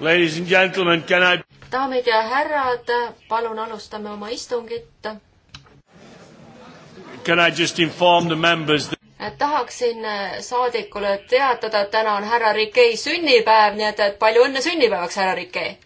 Ladies and gentlemen, can I... daamid ja härrad, palun alustame oma istungit. Can I just inform the members that tahaksin äh, saadikule teatada, et täna on härra Rikei sünnipäev, nii et, et palju õnne sünnipäevaks, härra Rikei!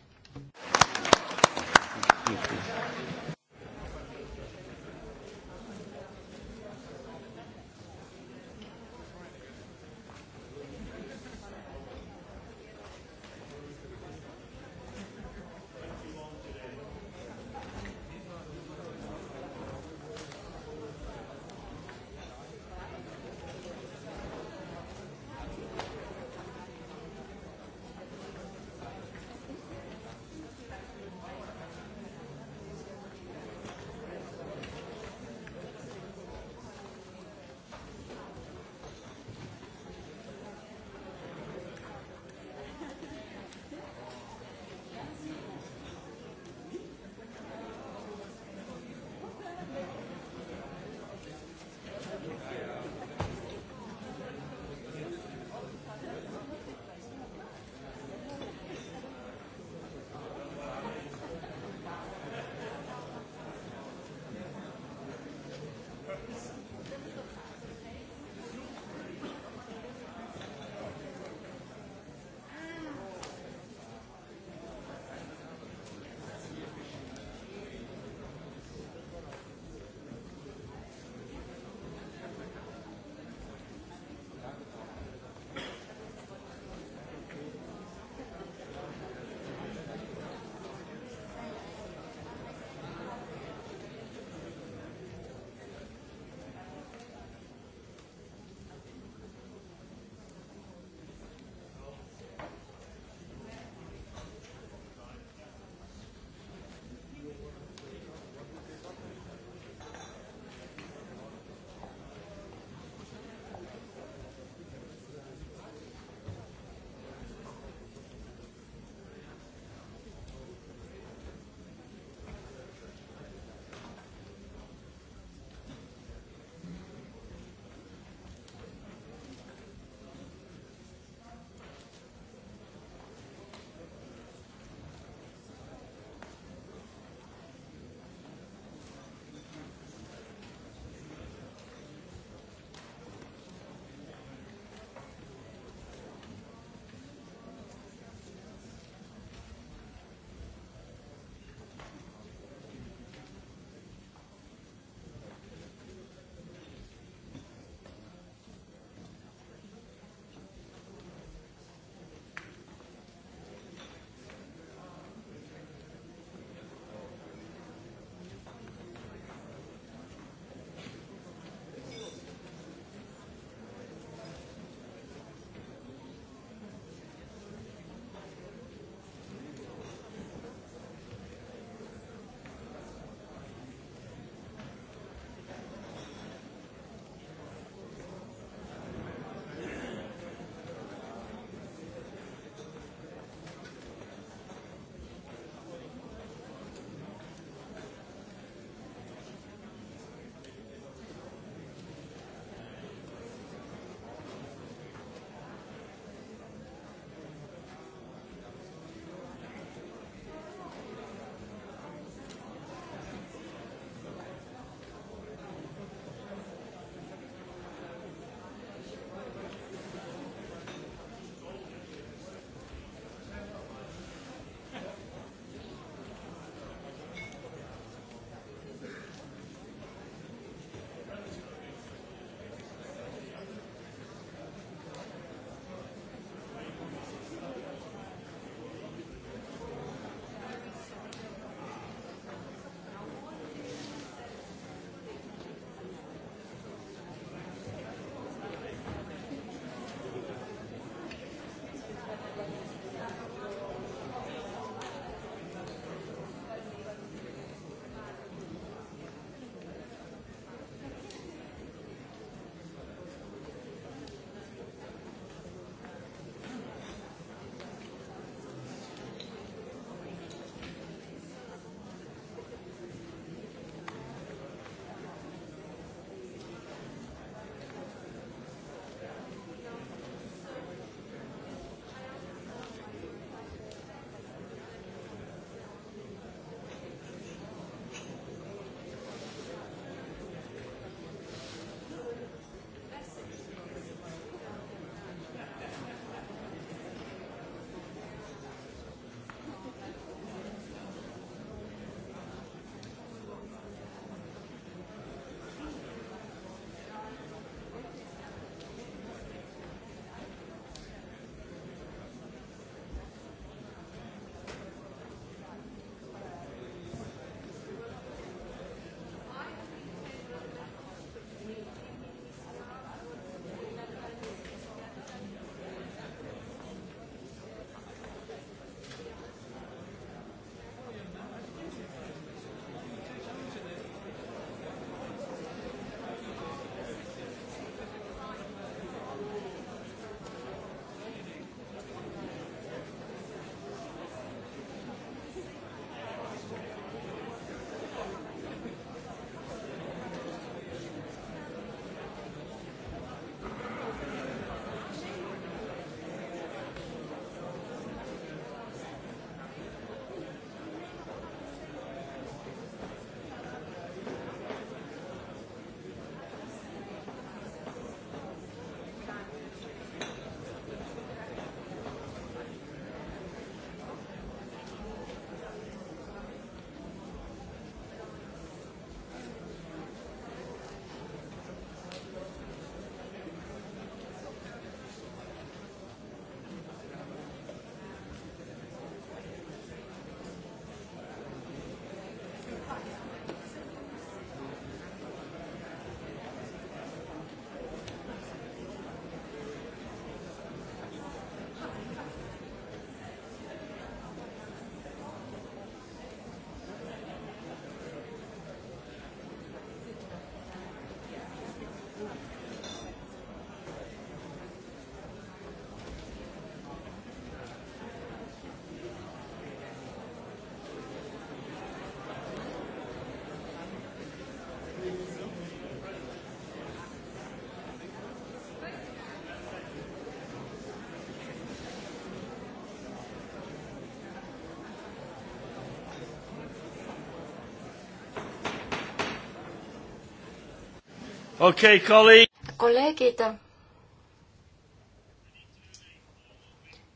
okei okay,, kolleeg. kolleegid.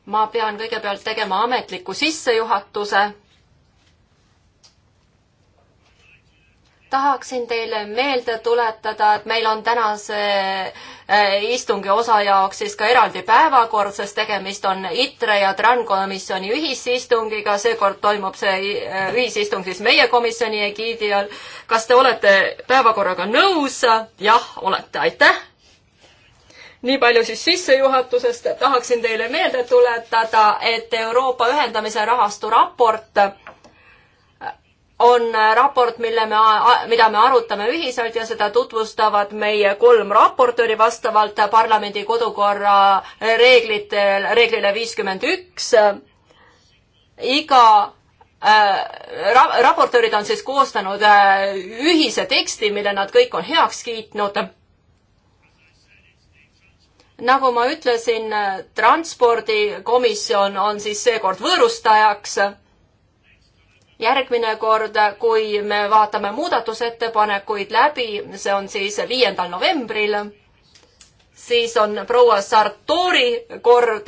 ma pean kõigepealt tegema ametliku sissejuhatuse. tahaksin teile meelde tuletada, et meil on tänase Äh, istungi osa jaoks siis ka eraldi päevakord, sest tegemist on ITRE ja TRAN komisjoni ühisistungiga, seekord toimub see äh, ühisistung siis meie komisjoni egiidi all. kas te olete päevakorraga nõus? jah, olete, aitäh! nii palju siis sissejuhatusest tahaksin teile meelde tuletada, et Euroopa ühendamise rahastu raport on raport, mille me, mida me arutame ühiselt ja seda tutvustavad meie kolm raportööri vastavalt parlamendi kodukorra reeglitel, reeglile viiskümmend üks. iga äh, ra-, raportöörid on siis koostanud äh, ühise teksti, mille nad kõik on heaks kiitnud. nagu ma ütlesin, äh, transpordikomisjon on siis seekord võõrustajaks järgmine kord, kui me vaatame muudatusettepanekuid läbi, see on siis viiendal novembril, siis on proua Sartori kord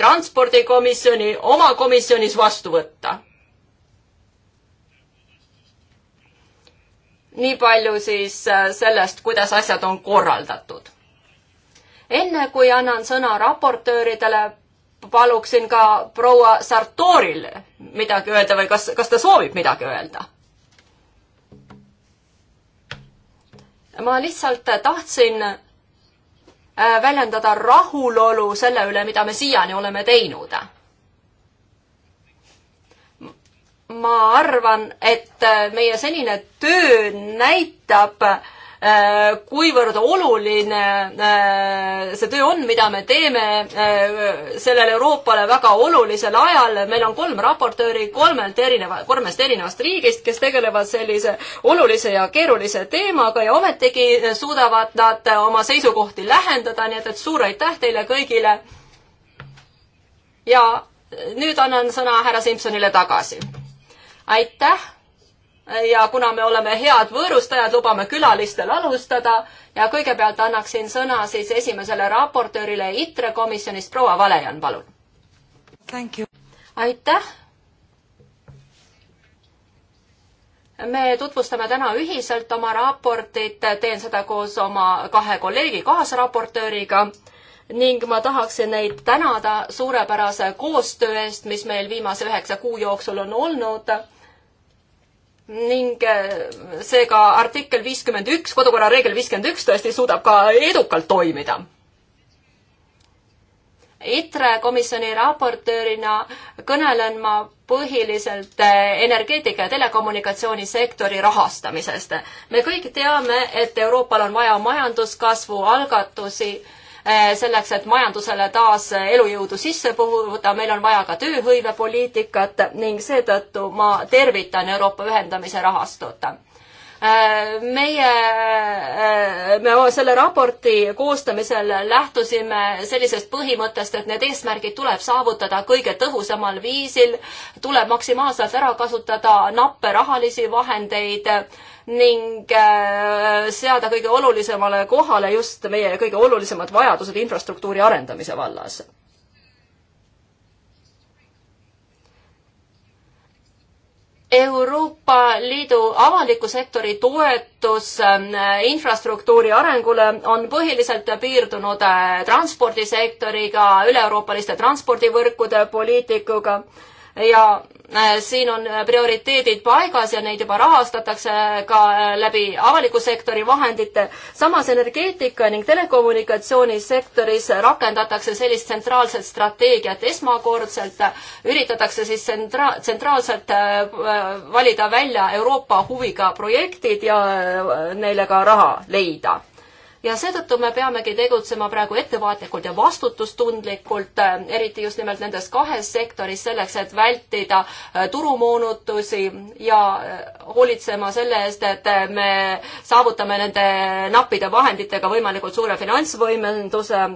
transpordikomisjoni oma komisjonis vastu võtta. nii palju siis sellest, kuidas asjad on korraldatud. enne kui annan sõna raportööridele, paluksin ka proua Sartoril midagi öelda või kas, kas ta soovib midagi öelda? ma lihtsalt tahtsin äh, väljendada rahulolu selle üle, mida me siiani oleme teinud ma arvan, et äh, meie senine töö näitab, Äh, kuivõrd oluline äh, see töö on, mida me teeme äh, sellele Euroopale väga olulisel ajal. meil on kolm raportööri kolmelt erineva, kolmest erinevast riigist, kes tegelevad sellise olulise ja keerulise teemaga ja ometigi suudavad nad oma seisukohti lähendada, nii et, et suur aitäh teile kõigile. ja nüüd annan sõna härra Simsonile tagasi. aitäh ja kuna me oleme head võõrustajad, lubame külalistel alustada ja kõigepealt annaksin sõna siis esimesele raportöörile ITRE komisjonist, proua Valejan, palun. aitäh. me tutvustame täna ühiselt oma raportit, teen seda koos oma kahe kolleegi kaasraportööriga ning ma tahaksin neid tänada suurepärase koostöö eest, mis meil viimase üheksa kuu jooksul on olnud ning äh, seega artikkel viiskümmend üks, kodukorra reegel viiskümmend üks tõesti suudab ka edukalt toimida. ITRE komisjoni raportöörina kõnelen ma põhiliselt äh, energeetika ja telekommunikatsioonisektori rahastamisest. me kõik teame, et Euroopal on vaja majanduskasvu algatusi Äh, selleks, et majandusele taas elujõudu sisse puhuda, meil on vaja ka tööhõivepoliitikat ning seetõttu ma tervitan Euroopa ühendamise rahastut äh, meie, äh, me selle raporti koostamisel lähtusime sellisest põhimõttest, et need eesmärgid tuleb saavutada kõige tõhusamal viisil, tuleb maksimaalselt ära kasutada nappe rahalisi vahendeid ning äh, seada kõige olulisemale kohale just meie kõige olulisemad vajadused infrastruktuuri arendamise vallas. Euroopa Liidu avaliku sektori toetus äh, infrastruktuuri arengule on põhiliselt piirdunud äh, transpordisektoriga, üle-euroopaliste transpordivõrkude poliitikuga ja Äh, siin on äh, prioriteedid paigas ja neid juba rahastatakse äh, ka läbi avaliku sektori vahendite. samas energeetika ning telekommunikatsioonisektoris rakendatakse sellist tsentraalset strateegiat esmakordselt, üritatakse siis tsentra-, tsentraalselt valida välja Euroopa huviga projektid ja neile ka raha leida ja seetõttu me peamegi tegutsema praegu ettevaatlikult ja vastutustundlikult, äh, eriti just nimelt nendes kahes sektoris, selleks et vältida äh, turumoonutusi ja äh, hoolitsema selle eest, et me saavutame nende nappide vahenditega võimalikult suure finantsvõimenduse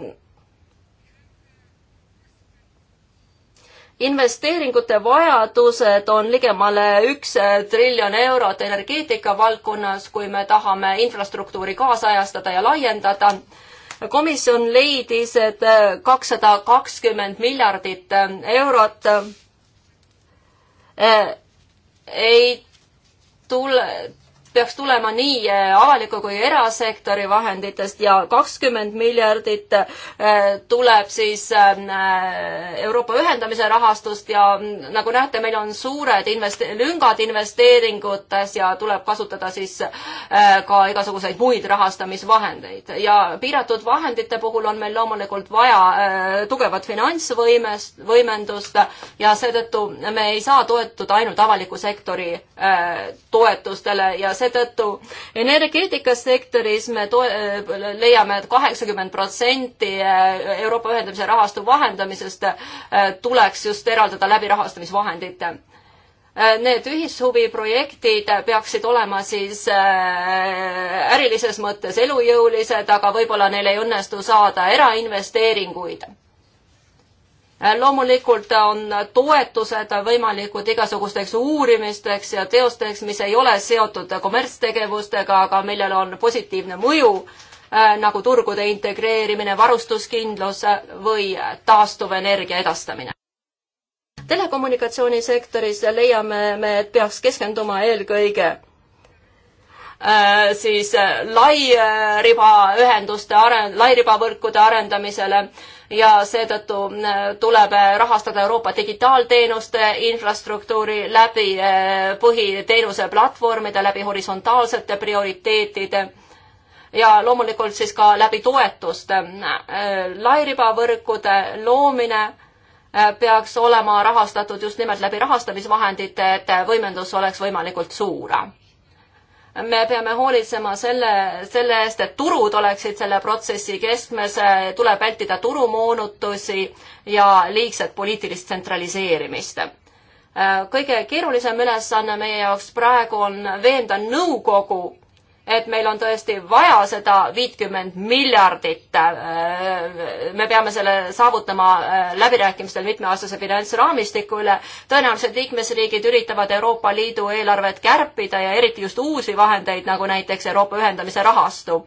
investeeringute vajadused on ligemale üks triljon eurot energeetika valdkonnas, kui me tahame infrastruktuuri kaasajastada ja laiendada. komisjon leidis, et kakssada kakskümmend miljardit eurot eh, ei tule, peaks tulema nii eh, avaliku kui erasektori vahenditest ja kakskümmend miljardit eh, tuleb siis eh, Euroopa ühendamise rahastust ja mm, nagu näete, meil on suured invest-, lüngad investeeringutes ja tuleb kasutada siis ka igasuguseid muid rahastamisvahendeid. ja piiratud vahendite puhul on meil loomulikult vaja tugevat finantsvõimest, võimendust ja seetõttu me ei saa toetuda ainult avaliku sektori toetustele ja seetõttu energeetikasektoris me to-, leiame et, et kaheksakümmend protsenti eh, Euroopa ühendamise rahastu vahendamisest eh, tuleks just eraldada läbi rahastamisvahendite eh, need ühishuviprojektid peaksid olema siis ärilises mõttes elujõulised, aga võib-olla neil ei õnnestu saada erainvesteeringuid. Äh, loomulikult on toetused võimalikud igasugusteks uurimisteks ja teosteks, mis ei ole seotud kommertstegevustega, aga millel on positiivne mõju, äh, nagu turgude integreerimine, varustuskindlus või taastuvenergia edastamine. telekommunikatsioonisektoris leiame me, et peaks keskenduma eelkõige Äh, siis äh, lairibaühenduste are-, lairibavõrkude arendamisele ja seetõttu äh, tuleb rahastada Euroopa digitaalteenuste infrastruktuuri läbi põhiteenuse platvormide, läbi horisontaalsete prioriteetide ja loomulikult siis ka läbi toetuste. lairibavõrkude loomine peaks olema rahastatud just nimelt läbi rahastamisvahendite, et võimendus oleks võimalikult suur me peame hoolitsema selle, selle eest, et turud oleksid selle protsessi keskmes, tuleb vältida turumoonutusi ja liigset poliitilist tsentraliseerimist. kõige keerulisem ülesanne meie jaoks praegu on veenda nõukogu et meil on tõesti vaja seda viitkümmend miljardit. Äh, me peame selle saavutama äh, läbirääkimistel mitmeaastase finantsraamistiku üle. tõenäoliselt liikmesriigid üritavad Euroopa Liidu eelarvet kärpida ja eriti just uusi vahendeid, nagu näiteks Euroopa ühendamise rahastu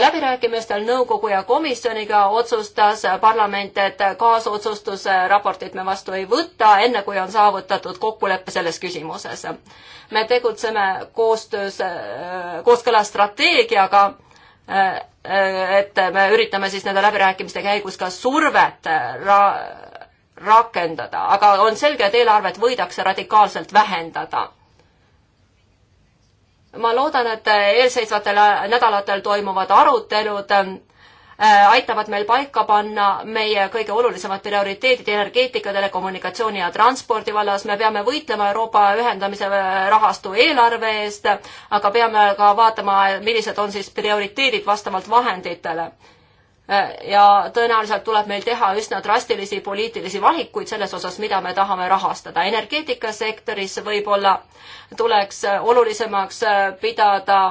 läbirääkimistel nõukogu ja komisjoniga otsustas parlament, et kaasotsustuse raportit me vastu ei võta, enne kui on saavutatud kokkulepe selles küsimuses. me tegutseme koostöös, kooskõlas strateegiaga et me üritame siis nende läbirääkimiste käigus ka survet ra rakendada, aga on selge, et eelarvet võidakse radikaalselt vähendada ma loodan, et eelseisvatel nädalatel toimuvad arutelud äh, aitavad meil paika panna meie kõige olulisemad prioriteedid energeetika, telekommunikatsiooni ja transpordi vallas. me peame võitlema Euroopa ühendamise äh, rahastu eelarve eest, aga peame ka vaatama, millised on siis prioriteedid vastavalt vahenditele Äh, ja tõenäoliselt tuleb meil teha üsna drastilisi poliitilisi valikuid selles osas, mida me tahame rahastada. energeetikasektoris võib-olla tuleks äh, olulisemaks äh, pidada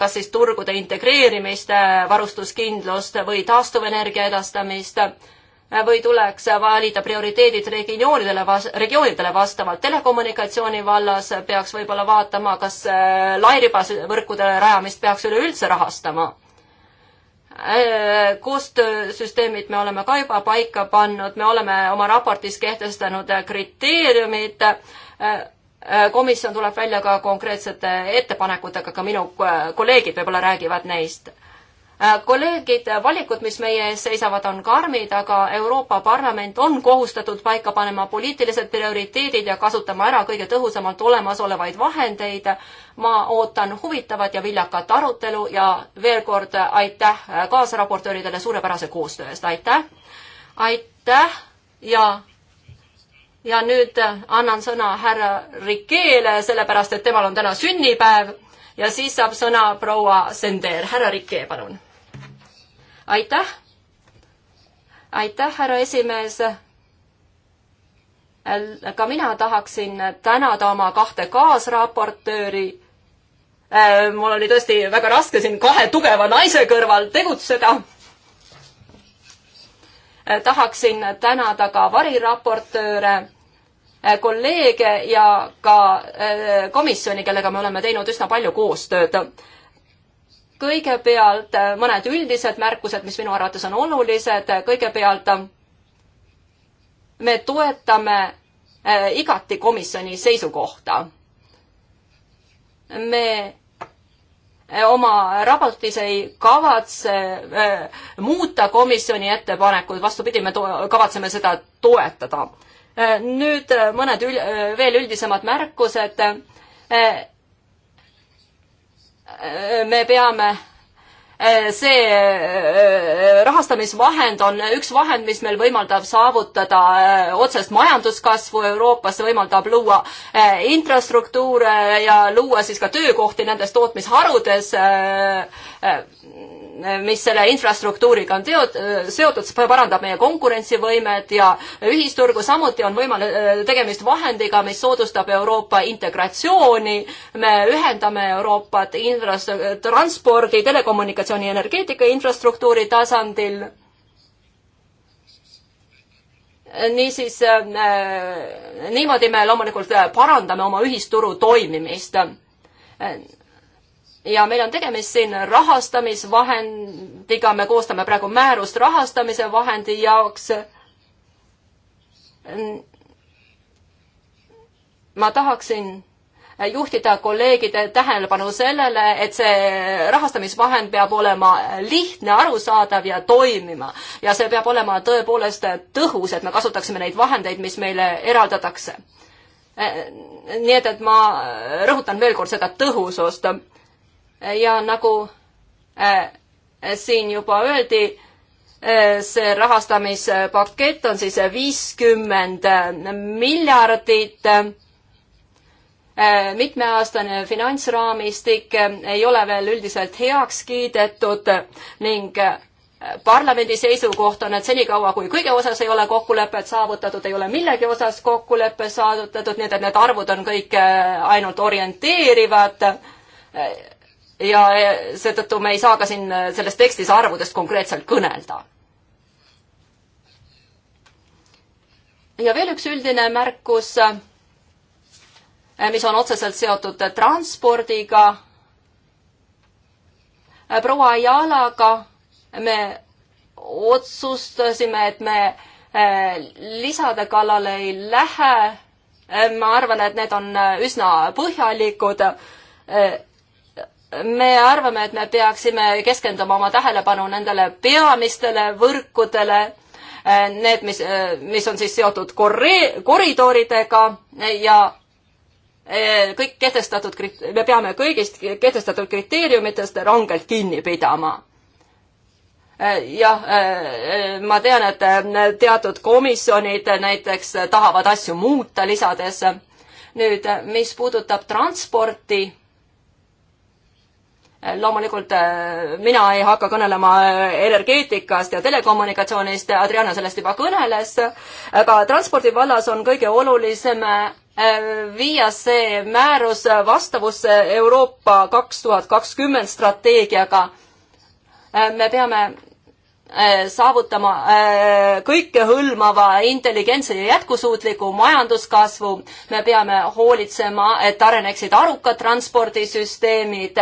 kas siis turgude integreerimist, varustuskindlust või taastuvenergia edastamist või tuleks valida prioriteedid regioonidele, regioonidele vastavalt. telekommunikatsiooni vallas peaks võib-olla vaatama, kas lairibasvõrkude rajamist peaks üleüldse rahastama Äh, koostöösüsteemid me oleme ka juba paika pannud, me oleme oma raportis kehtestanud kriteeriumid. Äh, äh, komisjon tuleb välja ka konkreetsete ettepanekutega, ka minu kolleegid võib-olla räägivad neist. Äh, kolleegid, valikud, mis meie ees seisavad, on karmid, aga Euroopa Parlament on kohustatud paika panema poliitilised prioriteedid ja kasutama ära kõige tõhusamalt olemasolevaid vahendeid. ma ootan huvitavat ja viljakat arutelu ja veel kord aitäh kaasraportööridele suurepärase koostöö eest, aitäh! aitäh ja ja nüüd annan sõna härra Rikeele, sellepärast et temal on täna sünnipäev ja siis saab sõna proua Sender. härra Rikee, palun aitäh. aitäh, härra esimees. ka mina tahaksin tänada oma kahte kaasraportööri. mul oli tõesti väga raske siin kahe tugeva naise kõrval tegutseda tahaksin tänada ka variraportööre, kolleege ja ka eh, komisjoni, kellega me oleme teinud üsna palju koostööd kõigepealt äh, mõned üldised märkused, mis minu arvates on olulised, kõigepealt äh, me toetame äh, igati komisjoni seisukohta. me oma raportis ei kavatse äh, muuta komisjoni ettepanekuid, vastupidi, me kavatseme seda toetada äh,. nüüd mõned ül veel üldisemad märkused äh, me peame eh, see eh, rahastamisvahend on üks vahend, mis meil võimaldab saavutada eh, otsest majanduskasvu Euroopas, see võimaldab luua infrastruktuure ja luua siis ka töökohti nendes tootmisharudes mis selle infrastruktuuriga on teod, seotud, parandab meie konkurentsivõimet ja ühisturgu, samuti on võimalik tegemist vahendiga, mis soodustab Euroopa integratsiooni. me ühendame Euroopat transpordi, telekommunikatsiooni, energeetika infrastruktuuri tasandil niisiis niimoodi me loomulikult parandame oma ühisturu toimimist ja meil on tegemist siin rahastamisvahendiga, me koostame praegu määrust rahastamise vahendi jaoks. ma tahaksin juhtida kolleegide tähelepanu sellele, et see rahastamisvahend peab olema lihtne, arusaadav ja toimima. ja see peab olema tõepoolest tõhus, et me kasutaksime neid vahendeid, mis meile eraldatakse. nii et, et ma rõhutan veel kord seda tõhusust ja nagu äh, siin juba öeldi, äh, see rahastamispakett on siis viiskümmend äh, miljardit. mitmeaastane finantsraamistik ei ole veel üldiselt heaks kiidetud ning parlamendi seisukoht on, et senikaua, kui kõige osas ei ole kokkulepet saavutatud, ei ole millegi osas kokkulepe saavutatud, nii et need arvud on kõik ainult orienteerivad ja e, seetõttu me ei saa ka siin e, selles tekstis arvudest konkreetselt kõnelda. ja veel üks üldine märkus, e, mis on otseselt seotud transpordiga. proua Ayalaga me otsustasime, et me lisade kallale ei lähe. ma arvan, et need on üsna põhjalikud me arvame, et me peaksime keskenduma oma tähelepanu nendele peamistele võrkudele, eh, need, mis, eh, mis on siis seotud korre-, koridoridega ja eh, kõik kehtestatud, me peame kõigist kehtestatud kriteeriumitest rangelt kinni pidama jah, ma tean, et teatud komisjonid näiteks tahavad asju muuta, lisades nüüd, mis puudutab transporti Äh, loomulikult äh, mina ei hakka kõnelema äh, energeetikast ja telekommunikatsioonist, Adriana sellest juba kõneles, aga transpordi vallas on kõige olulisem viia see määrus vastavusse Euroopa kaks tuhat kakskümmend strateegiaga. me peame saavutama kõikehõlmava intelligentse ja jätkusuutliku majanduskasvu. me peame hoolitsema, et areneksid arukad transpordisüsteemid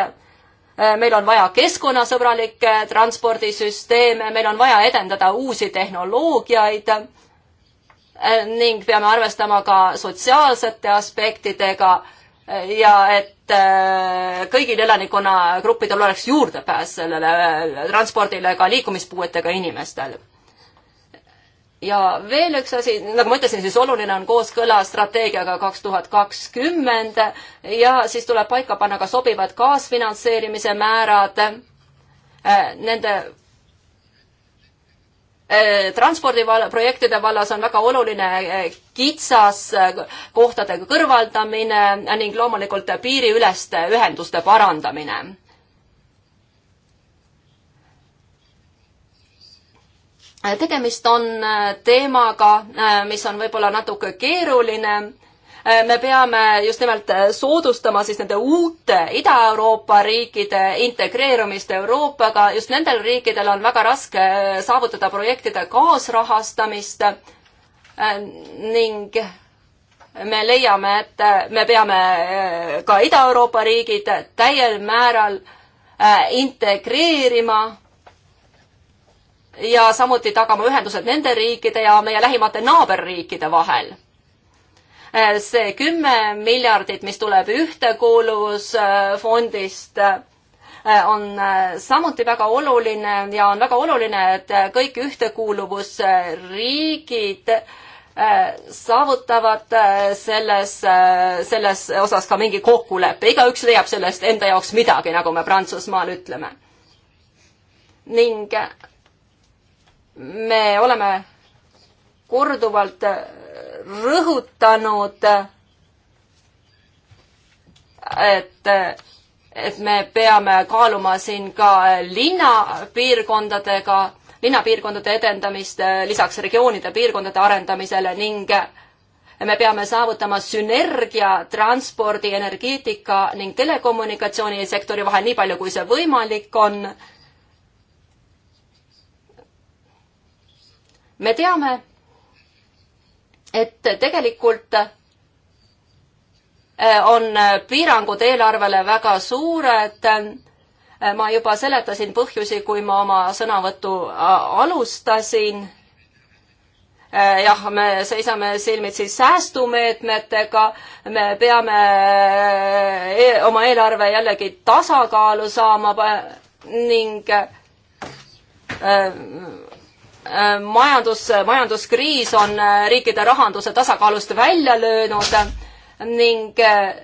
Äh, meil on vaja keskkonnasõbralikke äh, transpordisüsteeme, meil on vaja edendada uusi tehnoloogiaid äh, ning peame arvestama ka sotsiaalsete aspektidega ja et kõigil elanikkonnagruppidel oleks juurdepääs sellele transpordile ka liikumispuuetega inimestel ja veel üks asi, nagu ma ütlesin, siis oluline on kooskõla strateegiaga kaks tuhat kakskümmend ja siis tuleb paika panna ka sobivad kaasfinantseerimise määrad äh, nende äh, transpordiprojektide vallas on väga oluline äh, kitsas kohtade kõrvaldamine ning loomulikult piiriüleste ühenduste parandamine tegemist on äh, teemaga, äh, mis on võib-olla natuke keeruline äh, me peame just nimelt soodustama siis nende uute Ida-Euroopa riikide integreerumist Euroopaga, just nendel riikidel on väga raske saavutada projektide kaasrahastamist ning me leiame, et me peame ka Ida-Euroopa riigid täiel määral integreerima ja samuti tagama ühendused nende riikide ja meie lähimate naaberriikide vahel. see kümme miljardit, mis tuleb ühtekuuluvusfondist, on samuti väga oluline ja on väga oluline, et kõik ühtekuuluvusriigid äh, saavutavad äh, selles, äh, selles osas ka mingi kokkuleppe, igaüks leiab sellest enda jaoks midagi, nagu me Prantsusmaal ütleme ning me oleme korduvalt rõhutanud, et, et me peame kaaluma siin ka linnapiirkondadega, linnapiirkondade edendamist lisaks regioonide piirkondade arendamisele ning me peame saavutama sünergia transpordi, energeetika ning telekommunikatsioonisektori vahel nii palju, kui see võimalik on me teame, et tegelikult äh, on äh, piirangud eelarvele väga suured. Äh, ma juba seletasin põhjusi, kui ma oma sõnavõttu alustasin jah, me seisame silmitsi säästumeetmetega, me peame e-, oma eelarve jällegi tasakaalu saama ning Äh, majandus, majanduskriis on äh, riikide rahanduse tasakaalust välja löönud ning äh,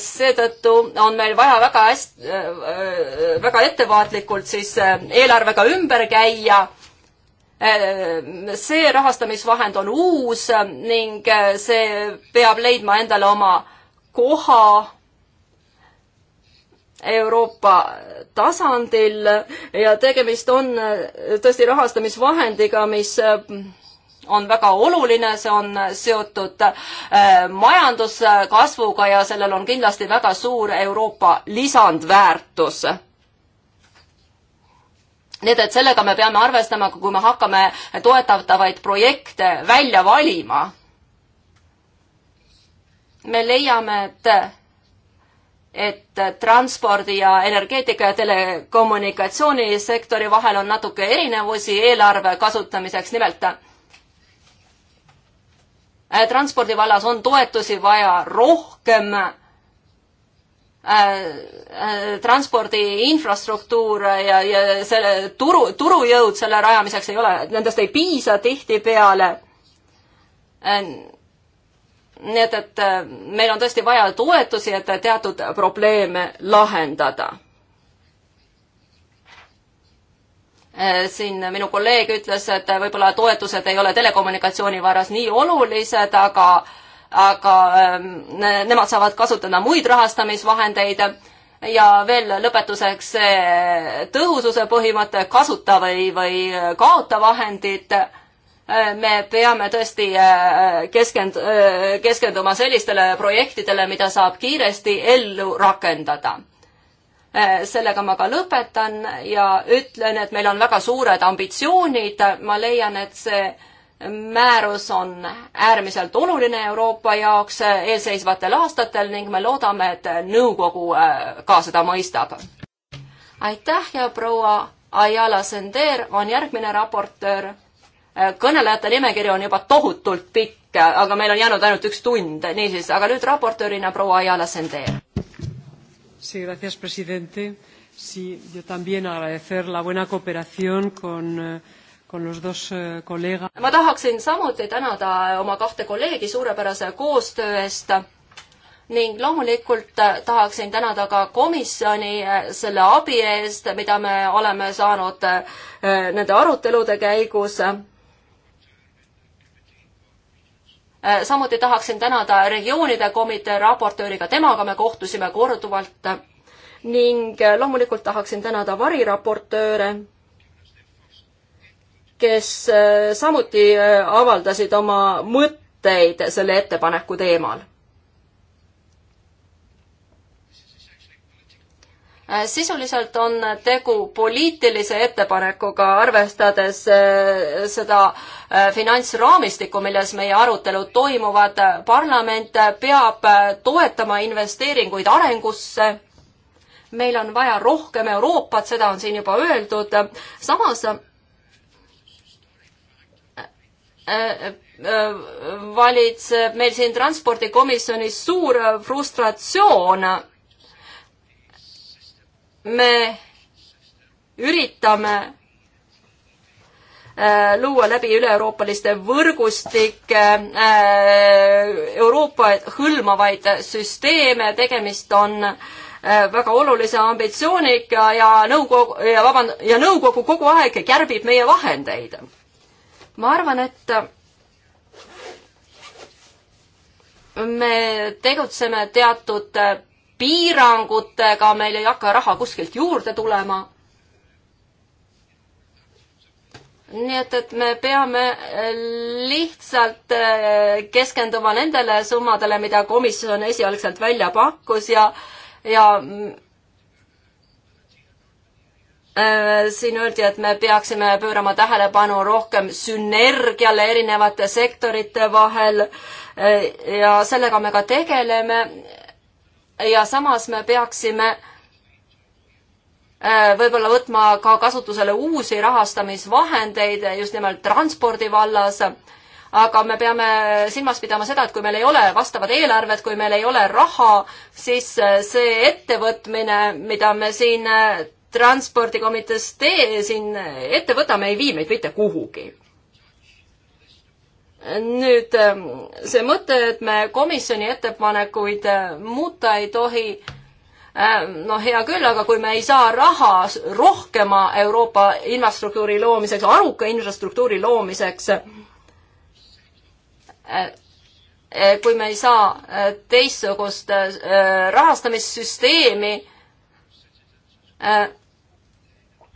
seetõttu on meil vaja väga hästi, väga ettevaatlikult siis eelarvega ümber käia. see rahastamisvahend on uus ning see peab leidma endale oma koha Euroopa tasandil ja tegemist on äh, tõesti rahastamisvahendiga, mis äh, on väga oluline, see on äh, seotud majanduskasvuga ja sellel on kindlasti väga suur Euroopa lisandväärtus. nii et, et sellega me peame arvestama, kui me hakkame toetatavaid projekte välja valima. me leiame, et et transpordi ja energeetika ja telekommunikatsioonisektori vahel on natuke erinevusi eelarve kasutamiseks, nimelt äh, transpordi vallas on toetusi vaja rohkem äh, äh, transpordi infrastruktuur ja, ja selle turu, turujõud selle rajamiseks ei ole, nendest ei piisa tihtipeale nii et, et äh, meil on tõesti vaja toetusi, et teatud probleeme lahendada. Äh, siin minu kolleeg ütles, et võib-olla toetused ei ole telekommunikatsiooni varas nii olulised, aga aga ähm, ne, nemad saavad kasutada muid rahastamisvahendeid ja veel lõpetuseks see tõhususe põhimõte, kasuta või, või äh, kaota vahendid me peame tõesti äh, keskend-, äh, keskenduma sellistele projektidele, mida saab kiiresti ellu rakendada. Äh, sellega ma ka lõpetan ja ütlen, et meil on väga suured ambitsioonid, ma leian, et see määrus on äärmiselt oluline Euroopa jaoks eelseisvatel aastatel ning me loodame, et nõukogu ka seda mõistab. aitäh ja proua Ayala Sender on järgmine raportöör kõnelejate nimekiri on juba tohutult pikk, aga meil on jäänud ainult üks tund, niisiis, aga nüüd raportöörina proua Ayala Sender. Sí, gracias, presidente. Sí, yo también agradecer la buena cooperación con, eh, con los dos eh, colegas. ma tahaksin samuti tänada oma kahte kolleegi suurepärase koostöö eest ning loomulikult eh, tahaksin tänada ka komisjoni selle abi eest, mida me oleme saanud nende arutelude käigus Äh, samuti tahaksin tänada regioonide komitee raportööri, ka temaga me kohtusime korduvalt ning äh, loomulikult tahaksin tänada variraportööre, kes äh, samuti avaldasid oma mõtteid selle ettepaneku teemal. Äh, sisuliselt on tegu poliitilise ettepanekuga, arvestades äh, seda äh, finantsraamistikku, milles meie arutelud toimuvad. parlament peab toetama investeeringuid arengusse. meil on vaja rohkem Euroopat, seda on siin juba öeldud. samas valitseb meil siin transpordikomisjonis suur frustratsioon me üritame äh, luua läbi üle-euroopaliste võrgustike äh, Euroopa hõlmavaid süsteeme, tegemist on äh, väga olulise ambitsiooniga ja nõukogu ja vaband- ja nõukogu kogu aeg kärbib meie vahendeid. ma arvan, et me tegutseme teatud piirangutega, meil ei hakka raha kuskilt juurde tulema. nii et, et me peame lihtsalt eh, keskenduma nendele summadele, mida komisjon esialgselt välja pakkus ja, ja eh, siin öeldi, et me peaksime pöörama tähelepanu rohkem sünergiale erinevate sektorite vahel eh, ja sellega me ka tegeleme ja samas me peaksime äh, võib-olla võtma ka kasutusele uusi rahastamisvahendeid just nimelt transpordi vallas. aga me peame silmas pidama seda, et kui meil ei ole vastavat eelarvet, kui meil ei ole raha, siis äh, see ettevõtmine, mida me siin äh, transpordikomitees tee, siin ette võtame, ei vii meid mitte kuhugi nüüd ähm, see mõte, et me komisjoni ettepanekuid äh, muuta ei tohi, äh, no hea küll, aga kui me ei saa raha rohkema Euroopa infrastruktuuri loomiseks, aruka infrastruktuuri loomiseks, äh, kui me ei saa teistsugust rahastamissüsteemi,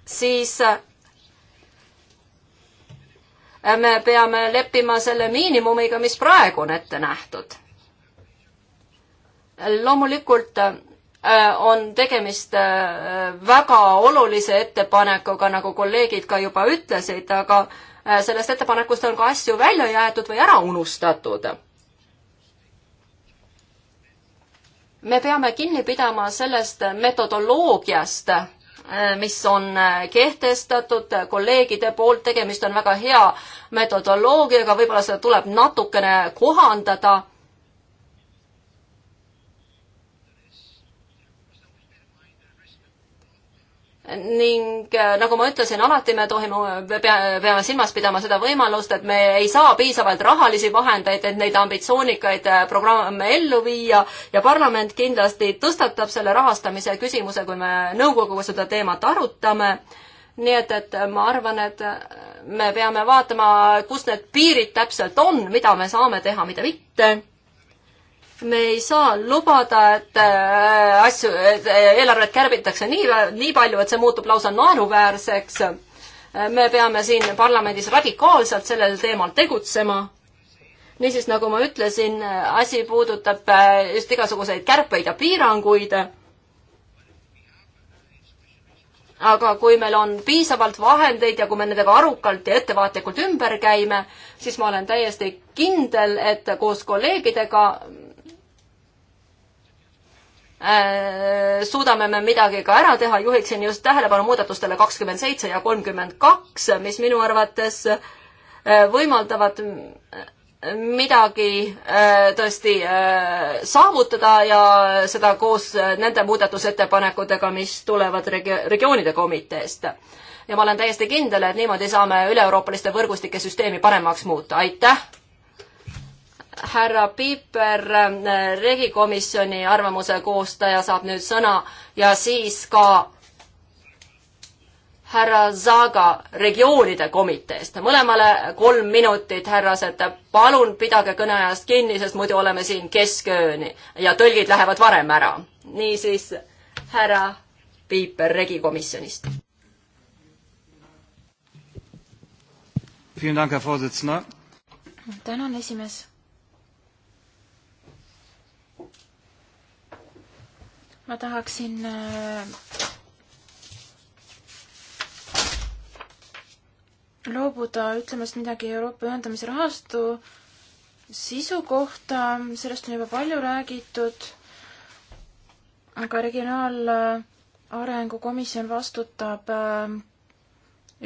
siis me peame leppima selle miinimumiga, mis praegu on ette nähtud. loomulikult äh, on tegemist äh, väga olulise ettepanekuga, nagu kolleegid ka juba ütlesid, aga äh, sellest ettepanekust on ka asju välja jäetud või ära unustatud. me peame kinni pidama sellest metodoloogiast, Äh, mis on äh, kehtestatud kolleegide poolt, tegemist on väga hea metodoloogiaga, võib-olla seda tuleb natukene kohandada ning äh, nagu ma ütlesin, alati me tohime, peame silmas pidama seda võimalust, et me ei saa piisavalt rahalisi vahendeid, et neid ambitsioonikaid äh, programme ellu viia ja parlament kindlasti tõstatab selle rahastamise küsimuse, kui me nõukoguga seda teemat arutame. nii et, et ma arvan, et äh, me peame vaatama, kus need piirid täpselt on, mida me saame teha, mida mitte me ei saa lubada, et äh, asju, äh, eelarvet kärbitakse nii, nii palju, et see muutub lausa naeruväärseks. me peame siin parlamendis radikaalselt sellel teemal tegutsema. niisiis, nagu ma ütlesin, asi puudutab äh, just igasuguseid kärpeid ja piiranguid aga kui meil on piisavalt vahendeid ja kui me nendega arukalt ja ettevaatlikult ümber käime, siis ma olen täiesti kindel, et koos kolleegidega Äh, suudame me midagi ka ära teha, juhiksin just tähelepanu muudatustele kakskümmend seitse ja kolmkümmend kaks, mis minu arvates äh, võimaldavad äh, midagi tõesti saavutada ja seda koos nende muudatusettepanekutega, mis tulevad regio-, regioonide komiteest. ja ma olen täiesti kindel, et niimoodi saame üle-euroopaliste võrgustike süsteemi paremaks muuta, aitäh! härra Piiper, äh, regikomisjoni arvamuse koostaja, saab nüüd sõna ja siis ka härra Zaga regioonide komiteest. mõlemale kolm minutit, härrased, palun pidage kõneajast kinni, sest muidu oleme siin keskööni ja tõlgid lähevad varem ära. niisiis, härra Piiper regikomisjonist. tänan, esimees ma tahaksin äh, loobuda ütlemast midagi Euroopa ühendamise rahastu sisu kohta, sellest on juba palju räägitud, aga Regionaalarengu komisjon vastutab äh,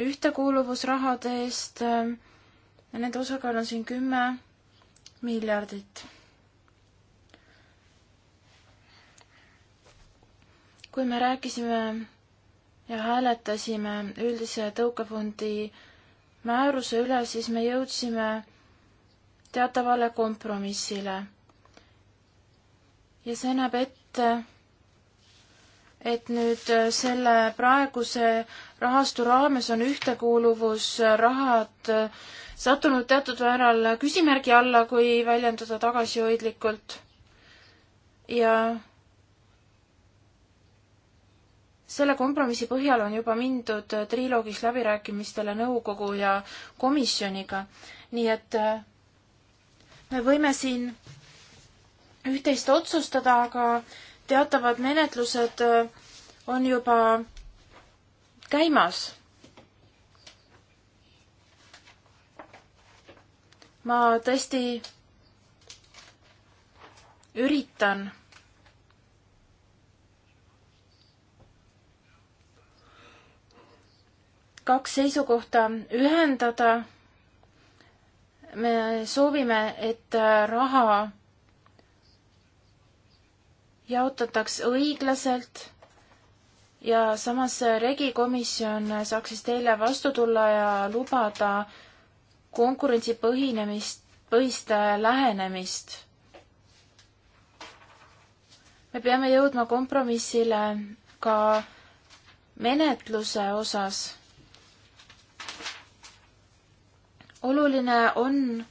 ühtekuuluvusrahade eest äh, ja nende osakaal on siin kümme miljardit. kui me rääkisime ja hääletasime üldise tõukefondi määruse üle, siis me jõudsime teatavale kompromissile. ja see näeb ette, et nüüd selle praeguse rahastu raames on ühtekuuluvusrahad sattunud teatud määral küsimärgi alla, kui väljenduda tagasihoidlikult. ja selle kompromissi põhjal on juba mindud triloogis läbirääkimistele nõukogu ja komisjoniga, nii et äh, me võime siin üht-teist otsustada, aga teatavad menetlused äh, on juba käimas. ma tõesti üritan kaks seisukohta ühendada. me soovime, et raha jaotataks õiglaselt ja samas regikomisjon saaks siis teile vastu tulla ja lubada konkurentsipõhinemist, põhist lähenemist. me peame jõudma kompromissile ka menetluse osas oluline on,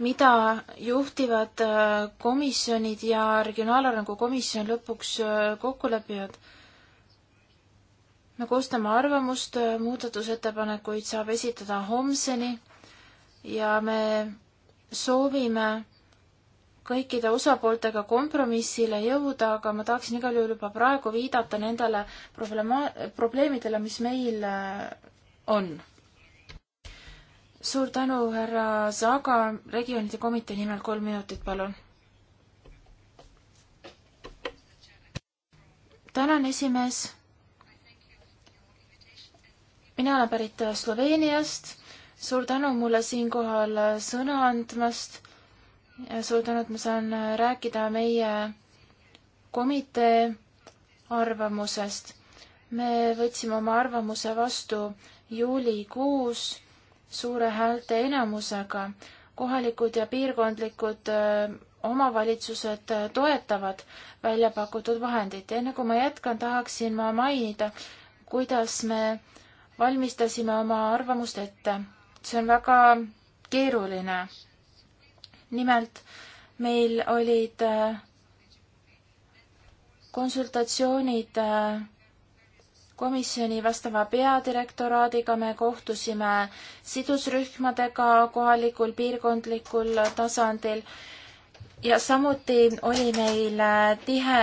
mida juhtivad äh, komisjonid ja Regionaalarengu komisjon lõpuks äh, kokku lepivad. me koostame arvamust, äh, muudatusettepanekuid saab esitada homseni ja me soovime kõikide osapooltega kompromissile jõuda, aga ma tahaksin igal juhul juba praegu viidata nendele problema-, probleemidele, mis meil on suur tänu, härra Saga, regioonide komitee nimel kolm minutit, palun. tänan, esimees. mina olen pärit Sloveeniast. suur tänu mulle siinkohal sõna andmast. suur tänu, et ma saan rääkida meie komitee arvamusest. me võtsime oma arvamuse vastu juulikuus suure häälte enamusega. kohalikud ja piirkondlikud äh, omavalitsused äh, toetavad välja pakutud vahendit. enne kui ma jätkan, tahaksin ma mainida, kuidas me valmistasime oma arvamust ette. see on väga keeruline. nimelt meil olid äh, konsultatsioonid äh, komisjoni vastava peadirektoraadiga me kohtusime sidusrühmadega kohalikul piirkondlikul tasandil ja samuti oli meil äh, tihe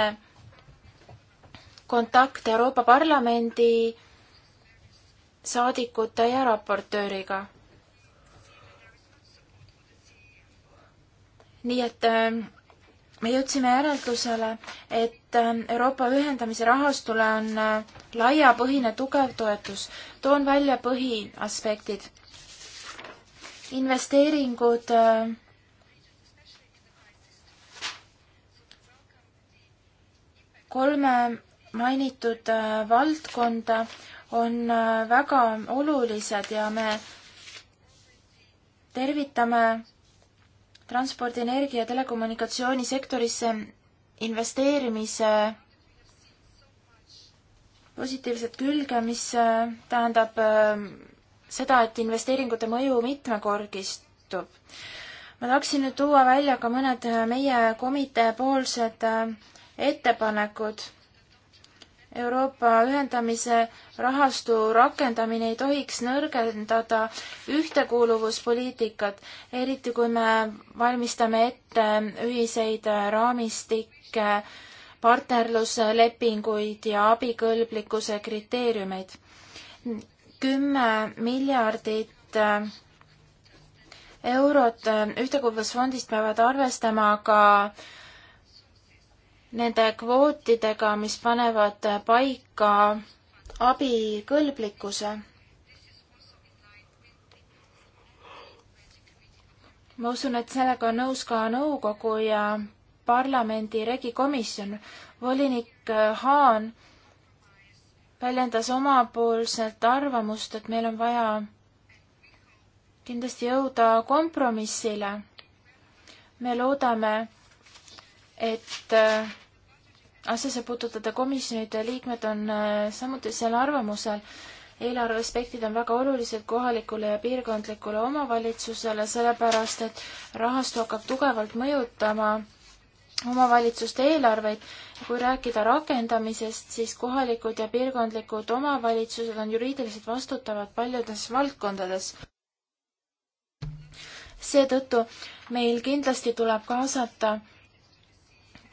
kontakt Euroopa Parlamendi saadikute ja raportööriga. nii et äh, me jõudsime järeldusele, et ähm, Euroopa ühendamise rahastule on äh, laiapõhine tugev toetus. toon välja põhiaspektid. investeeringud äh, kolme mainitud äh, valdkonda on väga olulised ja me tervitame transpordi, energia ja telekommunikatsioonisektorisse investeerimise positiivset külge, mis äh, tähendab ähm, seda, et investeeringute mõju mitmekordistub. ma tahaksin nüüd tuua välja ka mõned äh, meie komitee poolsed äh, ettepanekud Euroopa ühendamise rahastu rakendamine ei tohiks nõrgendada ühtekuuluvuspoliitikat, eriti kui me valmistame ette ühiseid raamistikke, partnerluslepinguid ja abikõlblikkuse kriteeriumeid. kümme miljardit äh, eurot äh, ühtekuuluvusfondist peavad arvestama ka äh, nende kvootidega, mis panevad paika abikõlblikkuse. ma usun, et sellega on nõus ka nõukogu ja parlamendi regikomisjon. volinik Haan väljendas omapoolselt arvamust, et meil on vaja kindlasti jõuda kompromissile. me loodame, et asjasse puututada komisjonide liikmed on äh, samuti seal arvamusel. eelarveaspektid on väga olulised kohalikule ja piirkondlikule omavalitsusele, sellepärast et rahastu hakkab tugevalt mõjutama omavalitsuste eelarveid. kui rääkida rakendamisest, siis kohalikud ja piirkondlikud omavalitsused on juriidiliselt vastutavad paljudes valdkondades. seetõttu meil kindlasti tuleb kaasata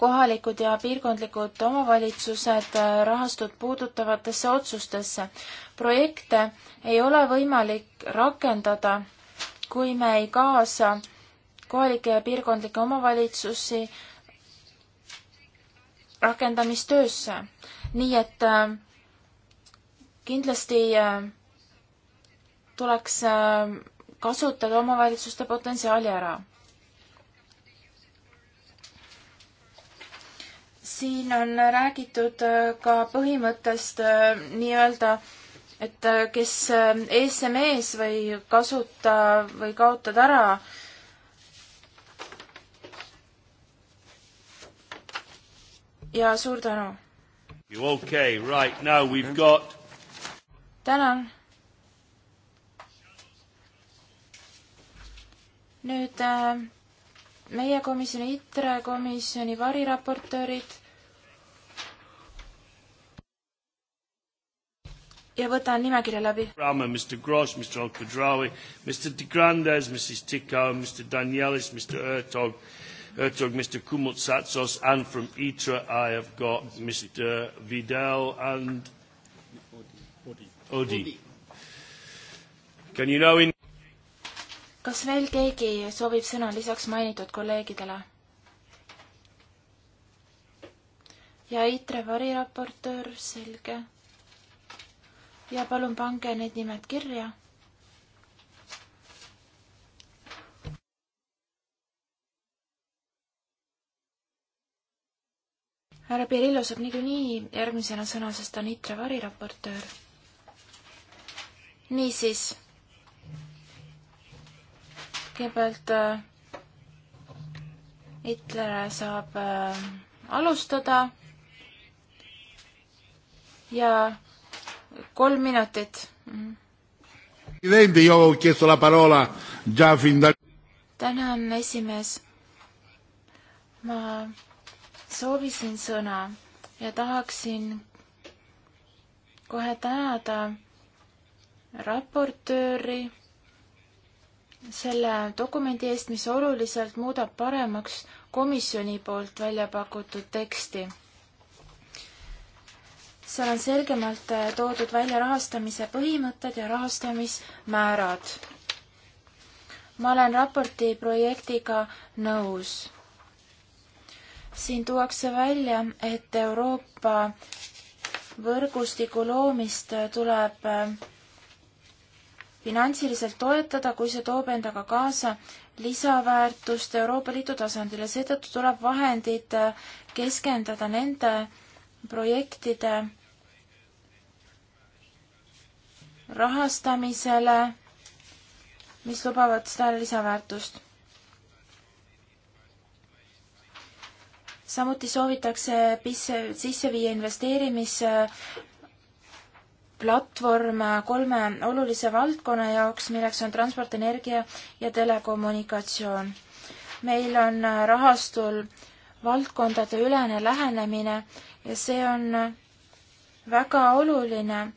kohalikud ja piirkondlikud omavalitsused äh, rahastut puudutavatesse otsustesse. projekte ei ole võimalik rakendada, kui me ei kaasa kohalikke ja piirkondlikke omavalitsusi rakendamistöösse. nii et äh, kindlasti äh, tuleks kasutada omavalitsuste potentsiaali ära siin on räägitud äh, ka põhimõttest äh, nii-öelda, et äh, kes ESM-is või kasuta või kaotad ära ja suur tänu. Okay, right, now we've got. tänan. nüüd äh, meie komisjoni, ITRE komisjoni variraportöörid. ja võtan nimekirja läbi. Rama, Mr Gross, Mr Al-Qadrawi, Mr De Grandes, Mrs Tikau, Mr Danielis, Mr Ertog, Ertog, Mr Kumutsatsos and from ITRA I have got Mr Vidal and Odi. Odi. Can you know in kas veel keegi soovib sõna lisaks mainitud kolleegidele? ja ITRE variraportöör, selge ja palun pange need nimed kirja. härra Pirillo saab niikuinii järgmisena sõna, sest ta on ITRE variraportöör. niisiis, kõigepealt äh, ITRE saab äh, alustada ja kolm minutit. tänan, esimees. ma soovisin sõna ja tahaksin kohe tänada raportööri selle dokumendi eest, mis oluliselt muudab paremaks komisjoni poolt välja pakutud teksti seal on selgemalt äh, toodud välja rahastamise põhimõtted ja rahastamismäärad. ma olen raporti projektiga nõus. siin tuuakse välja, et Euroopa võrgustiku loomist tuleb äh, finantsiliselt toetada, kui see toob endaga kaasa lisaväärtust Euroopa Liidu tasandil ja seetõttu tuleb vahendid äh, keskendada nende projektide rahastamisele, mis lubavad seda lisaväärtust. samuti soovitakse sisse viia investeerimisplatvorm kolme olulise valdkonna jaoks, milleks on transport, energia ja telekommunikatsioon. meil on rahastul valdkondade ülene lähenemine ja see on väga oluline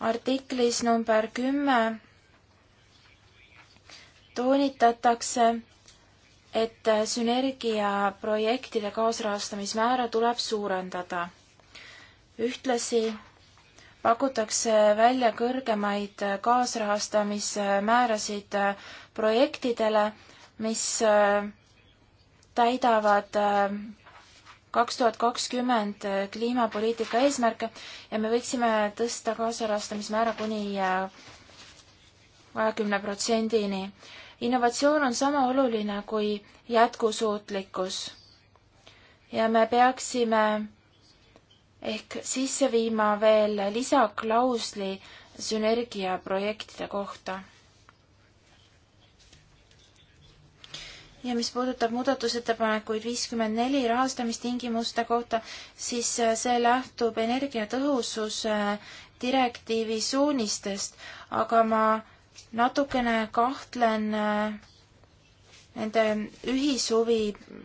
artiklis number kümme toonitatakse, et sünergiaprojektide kaasrahastamismäära tuleb suurendada. ühtlasi pakutakse välja kõrgemaid kaasrahastamismäärasid projektidele, mis täidavad äh, kaks tuhat kakskümmend kliimapoliitika eesmärke ja me võiksime tõsta kaasarahastamismäära kuni äh, kahekümne protsendini. innovatsioon on sama oluline kui jätkusuutlikkus ja me peaksime ehk sisse viima veel lisaklausli sünergiaprojektide kohta ja mis puudutab muudatusettepanekuid viiskümmend neli rahastamistingimuste kohta, siis äh, see lähtub energiatõhususe äh, direktiivi suunistest, aga ma natukene kahtlen äh, nende ühishuvi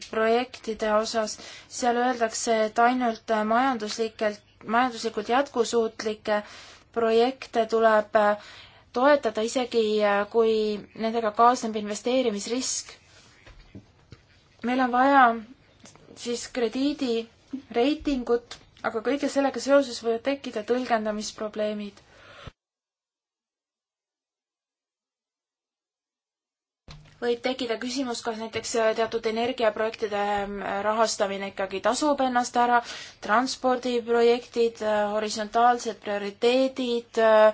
projektide osas, seal öeldakse, et ainult majanduslikelt, majanduslikult jätkusuutlikke projekte tuleb toetada, isegi kui nendega kaasneb investeerimisrisk meil on vaja siis krediidireitingut, aga kõige sellega seoses võivad tekkida tõlgendamisprobleemid. võib tekkida küsimus, kas näiteks teatud energiaprojektide ähm, rahastamine ikkagi tasub ennast ära, transpordiprojektid, äh, horisontaalsed prioriteedid, äh,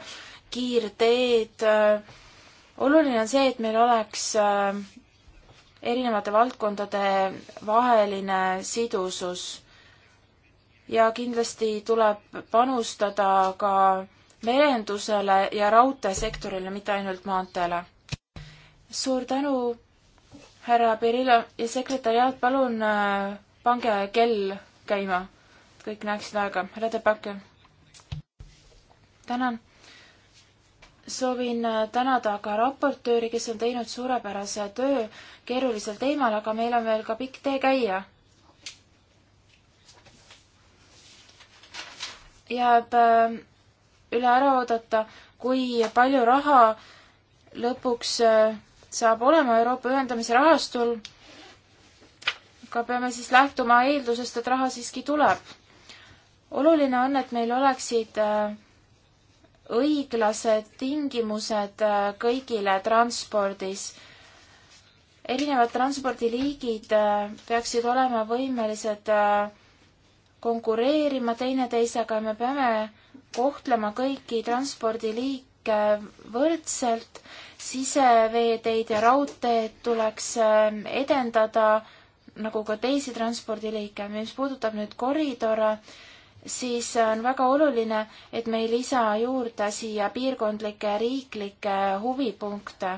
kiirteed. Äh. oluline on see, et meil oleks äh, erinevate valdkondade vaheline sidusus. ja kindlasti tuleb panustada ka merendusele ja raudteesektorile, mitte ainult maanteele. suur tänu, härra Pirillo ja sekretäriaat, palun äh, pange kell käima, et kõik näeksid aega. härra Tepake. tänan soovin äh, tänada ka raportööri, kes on teinud suurepärase töö keerulisel teemal, aga meil on veel ka pikk tee käia. jääb äh, üle ära oodata, kui palju raha lõpuks äh, saab olema Euroopa ühendamise rahastul. aga peame siis lähtuma eeldusest, et raha siiski tuleb. oluline on, et meil oleksid äh, õiglased tingimused äh, kõigile transpordis. erinevad transpordiliigid äh, peaksid olema võimelised äh, konkureerima teineteisega ja me peame kohtlema kõiki transpordiliike võrdselt. siseveeteid ja raudteed tuleks edendada nagu ka teisi transpordiliike. mis puudutab nüüd koridore, siis on väga oluline, et me ei lisa juurde siia piirkondlikke riiklikke huvipunkte.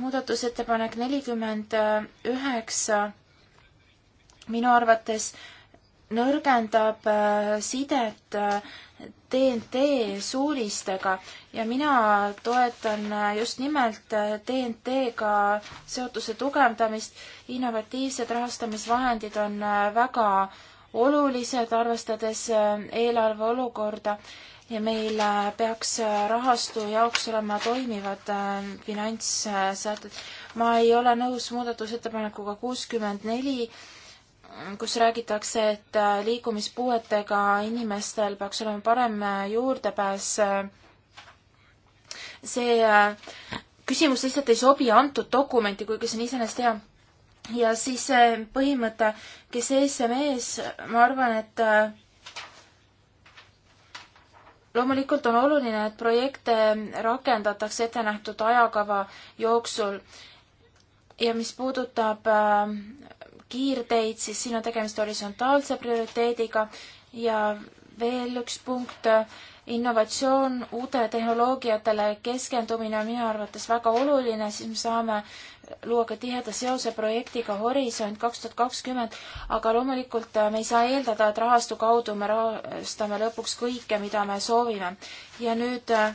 muudatusettepanek nelikümmend üheksa minu arvates nõrgendab äh, sidet TNT äh, suunistega ja mina toetan äh, just nimelt TNT-ga seotuse tugevdamist. innovatiivsed rahastamisvahendid on väga olulised, arvestades äh, eelarve olukorda ja meil äh, peaks äh, rahastu jaoks olema toimivad finantssätted. ma ei ole nõus muudatusettepanekuga kuuskümmend neli, kus räägitakse, et liikumispuuetega inimestel peaks olema parem juurdepääs. see küsimus lihtsalt ei sobi antud dokumenti, kuigi see on iseenesest hea ja siis see põhimõte, kes ees, see mees, ma arvan, et äh, loomulikult on oluline, et projekte rakendatakse ettenähtud ajakava jooksul. ja mis puudutab äh, kiirteid, siis siin on tegemist horisontaalse prioriteediga ja veel üks punkt, äh, innovatsioon, uute tehnoloogiatele keskendumine on minu arvates väga oluline, siis me saame luua ka tiheda seose projektiga Horisont kaks tuhat kakskümmend, aga loomulikult äh, me ei saa eeldada, et rahastu kaudu me rahastame lõpuks kõike, mida me soovime. ja nüüd äh,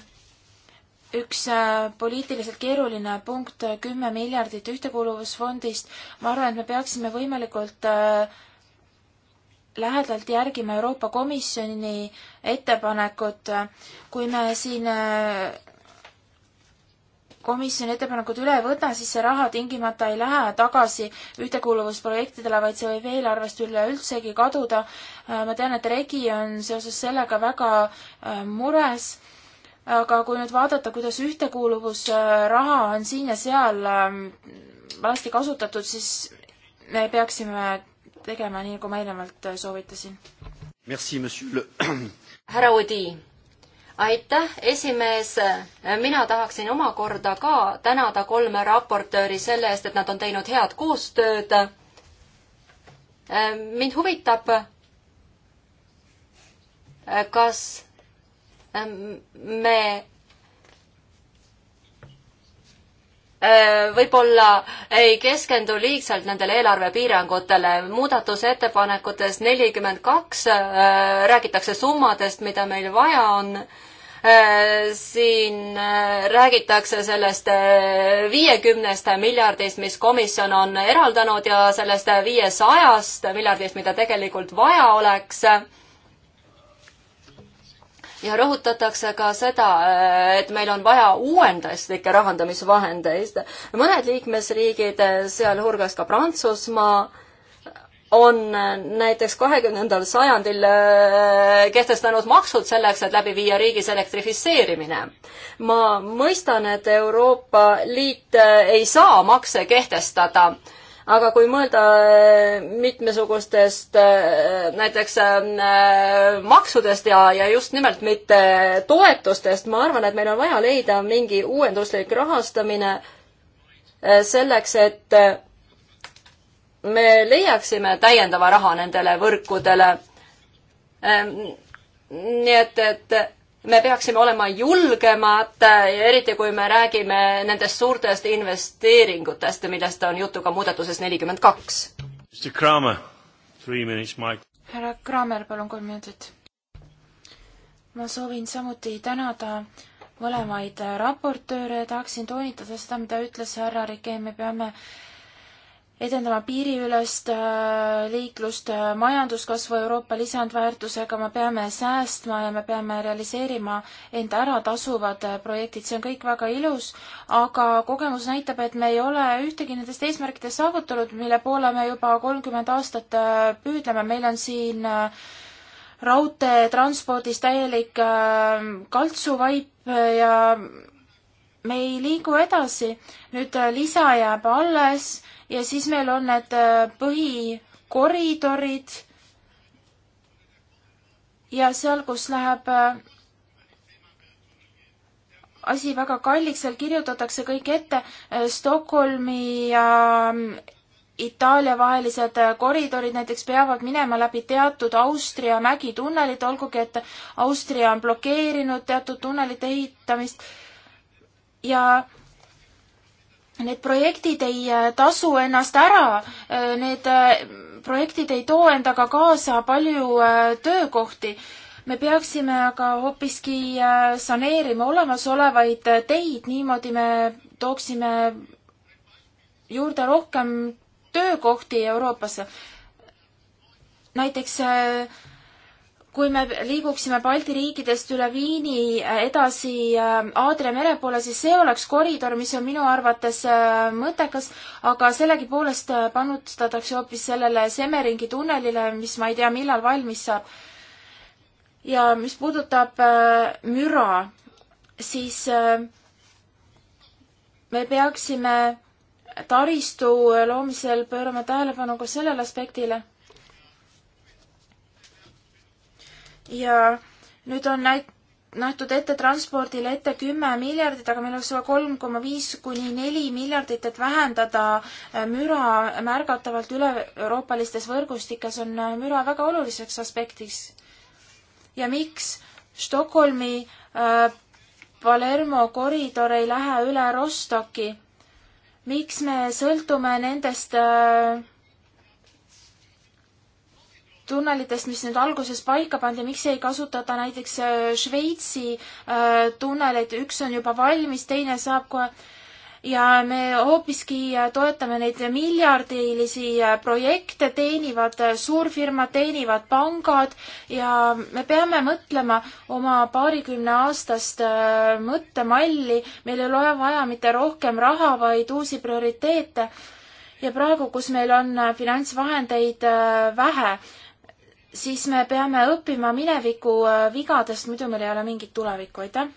üks äh, poliitiliselt keeruline punkt, kümme miljardit ühtekuuluvusfondist, ma arvan, et me peaksime võimalikult lähedalt järgima Euroopa Komisjoni ettepanekut, kui me siin komisjoni ettepanekud üle ei võta, siis see raha tingimata ei lähe tagasi ühtekuuluvusprojektidele, vaid see võib eelarvest üleüldsegi kaduda. Äh, ma tean, et Regi on seoses sellega väga äh, mures, aga kui nüüd vaadata, kuidas ühtekuuluvusraha on siin ja seal ähm, valesti kasutatud, siis me peaksime tegema nii, nagu ma eelnevalt äh, soovitasin. härra Odi aitäh, esimees. mina tahaksin omakorda ka tänada kolme raportööri selle eest, et nad on teinud head koostööd. mind huvitab, kas me Äh, võib-olla ei keskendu liigselt nendele eelarvepiirangutele. muudatusettepanekutes nelikümmend kaks äh, räägitakse summadest, mida meil vaja on. Äh, siin räägitakse sellest viiekümnest miljardist, mis komisjon on eraldanud ja sellest viiesajast miljardist, mida tegelikult vaja oleks ja rõhutatakse ka seda, et meil on vaja uuenduslikke rahandamisvahendeid. mõned liikmesriigid, sealhulgas ka Prantsusmaa, on näiteks kahekümnendal sajandil äh, kehtestanud maksud selleks, et läbi viia riigis elektrifitseerimine. ma mõistan, et Euroopa Liit äh, ei saa makse kehtestada aga kui mõelda äh, mitmesugustest äh, näiteks ähm, äh, maksudest ja, ja just nimelt mitte toetustest, ma arvan, et meil on vaja leida mingi uuenduslik rahastamine selleks, et me leiaksime täiendava raha nendele võrkudele. Ähm, nii et, et me peaksime olema julgemad, äh, eriti kui me räägime nendest suurtest investeeringutest, millest on juttu ka muudatuses nelikümmend kaks. härra Kramer, palun kolm minutit. ma soovin samuti tänada mõlemaid raportööre ja tahaksin toonitada seda, mida ütles härra Rike, me peame edendama piiriülest äh, liiklust, äh, majanduskasvu Euroopa lisandväärtusega, me peame säästma ja me peame realiseerima enda äratasuvad äh, projektid, see on kõik väga ilus, aga kogemus näitab, et me ei ole ühtegi nendest eesmärkidest saavutanud, mille poole me juba kolmkümmend aastat püüdleme, meil on siin raudteetranspordis täielik kaltsuvaip ja me ei liigu edasi, nüüd äh, lisa jääb alles ja siis meil on need äh, põhikoridorid ja seal, kus läheb äh, asi väga kalliks, seal kirjutatakse kõik ette, Stockholmi ja mm, Itaalia vahelised koridorid näiteks peavad minema läbi teatud Austria mägitunnelid, olgugi et Austria on blokeerinud teatud tunnelite ehitamist ja need projektid ei äh, tasu ennast ära, äh, need äh, projektid ei too endaga kaasa palju töökohti. me peaksime aga hoopiski saneerima olemasolevaid teid, niimoodi me tooksime juurde rohkem töökohti Euroopasse. näiteks äh, kui me liiguksime Balti riikidest üle Viini äh, edasi äh, Aadria mere poole, siis see oleks koridor, mis on minu arvates äh, mõttekas, aga sellegipoolest panustatakse hoopis sellele Semmeringi tunnelile, mis ma ei tea, millal valmis saab. ja mis puudutab müra, siis me peaksime taristu loomisel pöörama tähelepanu ka sellele aspektile ja nüüd on näit-, nähtud ette transpordile ette kümme miljardit, aga meil oleks vaja kolm koma viis kuni neli miljardit, et vähendada äh, müra märgatavalt üle-euroopalistes võrgustikes, on äh, müra väga oluliseks aspektiks. ja miks Stockholmi äh, Palermo koridor ei lähe üle Rostocki? miks me sõltume nendest äh, tunnelitest, mis nüüd alguses paika pandi, miks ei kasutata näiteks äh, Šveitsi äh, tunneleid, üks on juba valmis, teine saab kohe ja me hoopiski äh, toetame neid miljardilisi projekte, teenivad suurfirmad, teenivad pangad ja me peame mõtlema oma paarikümneaastast mõttemalli, meil ei ole vaja mitte rohkem raha, vaid uusi prioriteete. ja praegu, kus meil on finantsvahendeid vähe, siis me peame õppima mineviku äh, vigadest, muidu meil ei ole mingit tulevikku, aitäh!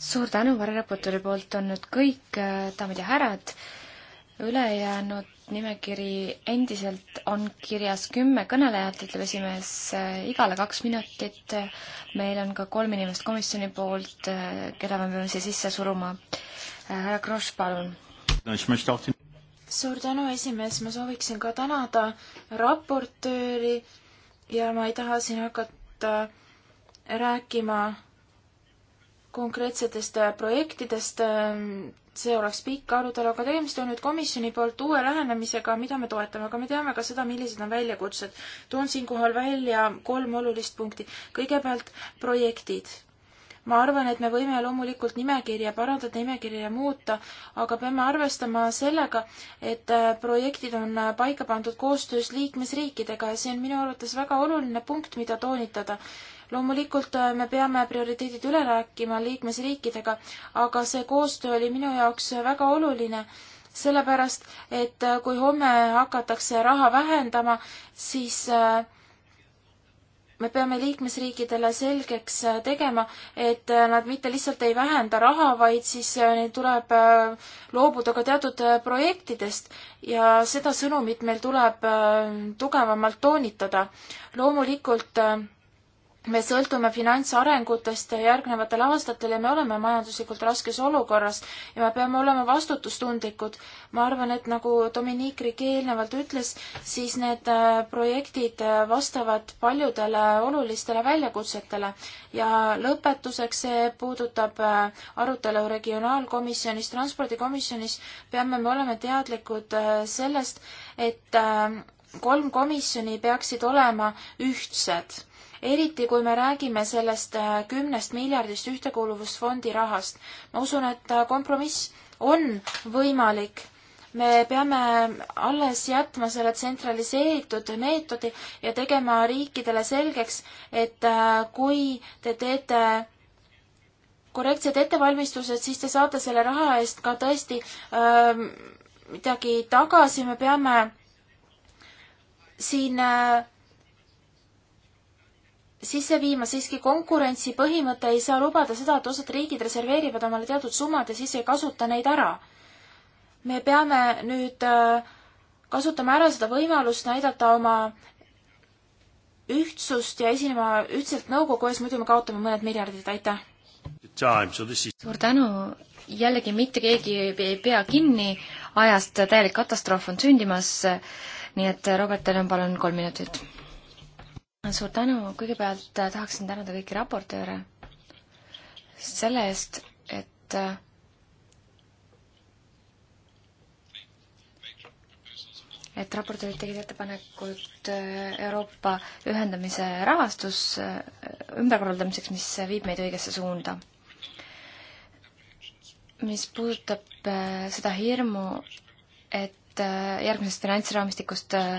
suur tänu, variraportööri poolt on nüüd kõik äh, daamid ja härrad, ülejäänud nimekiri endiselt on kirjas kümme kõnelejat, ütleb esimees, äh, igale kaks minutit. meil on ka kolm inimest komisjoni poolt, keda me peame siia sisse suruma. härra Kross, palun! suur tänu, esimees, ma sooviksin ka tänada raportööri ja ma ei taha siin hakata rääkima konkreetsetest projektidest, see oleks pikk arutelu, aga tegemist on nüüd komisjoni poolt uue lähenemisega, mida me toetame, aga me teame ka seda, millised on väljakutsed. toon siinkohal välja kolm olulist punkti. kõigepealt projektid ma arvan, et me võime loomulikult nimekirja parandada, nimekirja muuta, aga peame arvestama sellega, et äh, projektid on äh, paika pandud koostöös liikmesriikidega ja see on minu arvates väga oluline punkt, mida toonitada loomulikult äh, me peame prioriteedid üle rääkima liikmesriikidega, aga see koostöö oli minu jaoks väga oluline, sellepärast et kui homme hakatakse raha vähendama, siis äh, me peame liikmesriikidele selgeks äh, tegema, et äh, nad mitte lihtsalt ei vähenda raha, vaid siis äh, neil tuleb loobuda ka teatud projektidest ja seda sõnumit meil tuleb tugevamalt toonitada. loomulikult me sõltume finantsarengutest järgnevatel aastatel ja me oleme majanduslikult raskes olukorras ja me peame olema vastutustundlikud. ma arvan, et nagu Dominique Riquet eelnevalt ütles, siis need äh, projektid äh, vastavad paljudele olulistele väljakutsetele ja lõpetuseks, see puudutab äh, arutelu regionaalkomisjonis, transpordikomisjonis, peame me olema teadlikud sellest, et kolm komisjoni peaksid olema ühtsed eriti kui me räägime sellest äh, kümnest miljardist ühtekuuluvusfondi rahast. ma usun, et äh, kompromiss on võimalik me peame alles jätma selle tsentraliseeritud meetodi ja tegema riikidele selgeks, et äh, kui te teete korrektsed ettevalmistused, siis te saate selle raha eest ka tõesti öö, ähm, midagi tagasi, me peame siin öö, sisse viima siiski konkurentsipõhimõte, ei saa lubada seda, et osad riigid reserveerivad omale teatud summad ja siis ei kasuta neid ära. me peame nüüd äh, kasutama ära seda võimalust näidata oma ühtsust ja esinema ühtselt nõukogu ees, muidu me kaotame mõned miljardid, aitäh! suur tänu, jällegi mitte keegi ei pea kinni ajast, täielik katastroof on sündimas, nii et Robert, teil on palun kolm minutit suur tänu, kõigepealt äh, tahaksin tänada kõiki raportööre selle eest, et äh, et raportöörid tegid ettepanekud äh, Euroopa ühendamise rahastus ümberkorraldamiseks, mis viib meid õigesse suunda. mis puudutab seda hirmu, et Äh, järgmisest finantsraamistikust äh,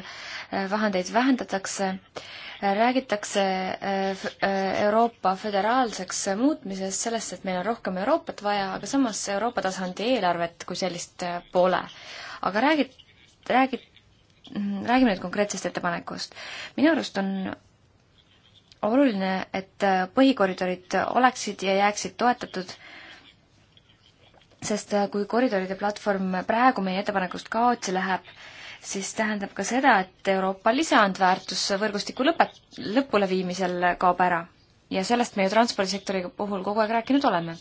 äh, vahendeid vähendatakse, räägitakse Euroopa föderaalseks muutmisest, sellest, et meil on rohkem Euroopat vaja, aga samas Euroopa tasandi eelarvet kui sellist pole. aga räägi, räägi, räägime nüüd konkreetsest ettepanekust. minu arust on oluline, et põhikoridorid oleksid ja jääksid toetatud äh, sest äh, kui koridoride platvorm praegu meie ettepanekust kaotsi läheb, siis tähendab ka seda, et Euroopa lisandväärtus võrgustiku lõpet-, lõpuleviimisel kaob ära. ja sellest me ju transpordisektori puhul kogu aeg rääkinud oleme.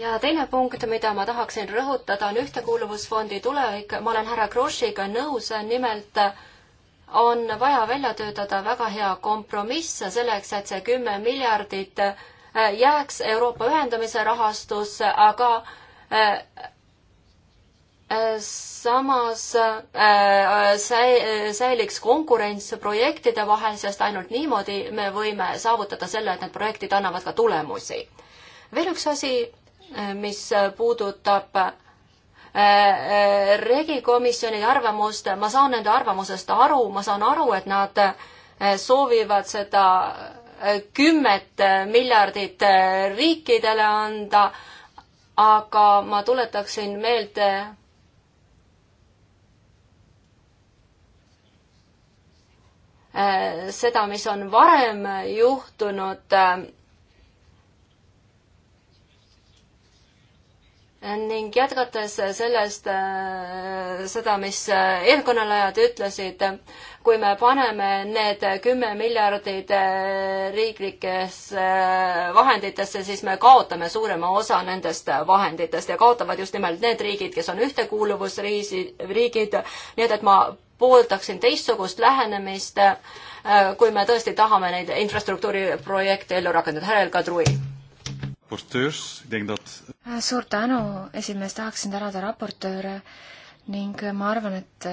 ja teine punkt, mida ma tahaksin rõhutada, on Ühtekuuluvusfondi tulevik. ma olen härra Krossiga nõus, nimelt on vaja välja töötada väga hea kompromiss selleks, et see kümme miljardit Äh, jääks Euroopa ühendamise rahastus, aga äh, äh, samas säiliks konkurents projektide vahel, sest ainult niimoodi me võime saavutada selle, et need projektid annavad ka tulemusi. veel üks asi, mis puudutab regikomisjoni arvamust, ma saan nende arvamusest aru, ma saan aru, et nad soovivad seda kümmet miljardit äh, riikidele anda, aga ma tuletaksin meelde äh, seda, mis on varem juhtunud äh, ning jätkates sellest, seda, mis eelkõnelejad ütlesid, kui me paneme need kümme miljardit äh, riiklikesse äh, vahenditesse, siis me kaotame suurema osa nendest äh, vahenditest ja kaotavad just nimelt need riigid, kes on ühtekuuluvusriisi, riigid, nii et, et ma pooldaksin teistsugust lähenemist, kui me tõesti tahame neid infrastruktuuriprojekte ellu rakendada. härra Elka Trui. suur tänu, esimees, tahaksin tänada raportööre ning ma arvan, et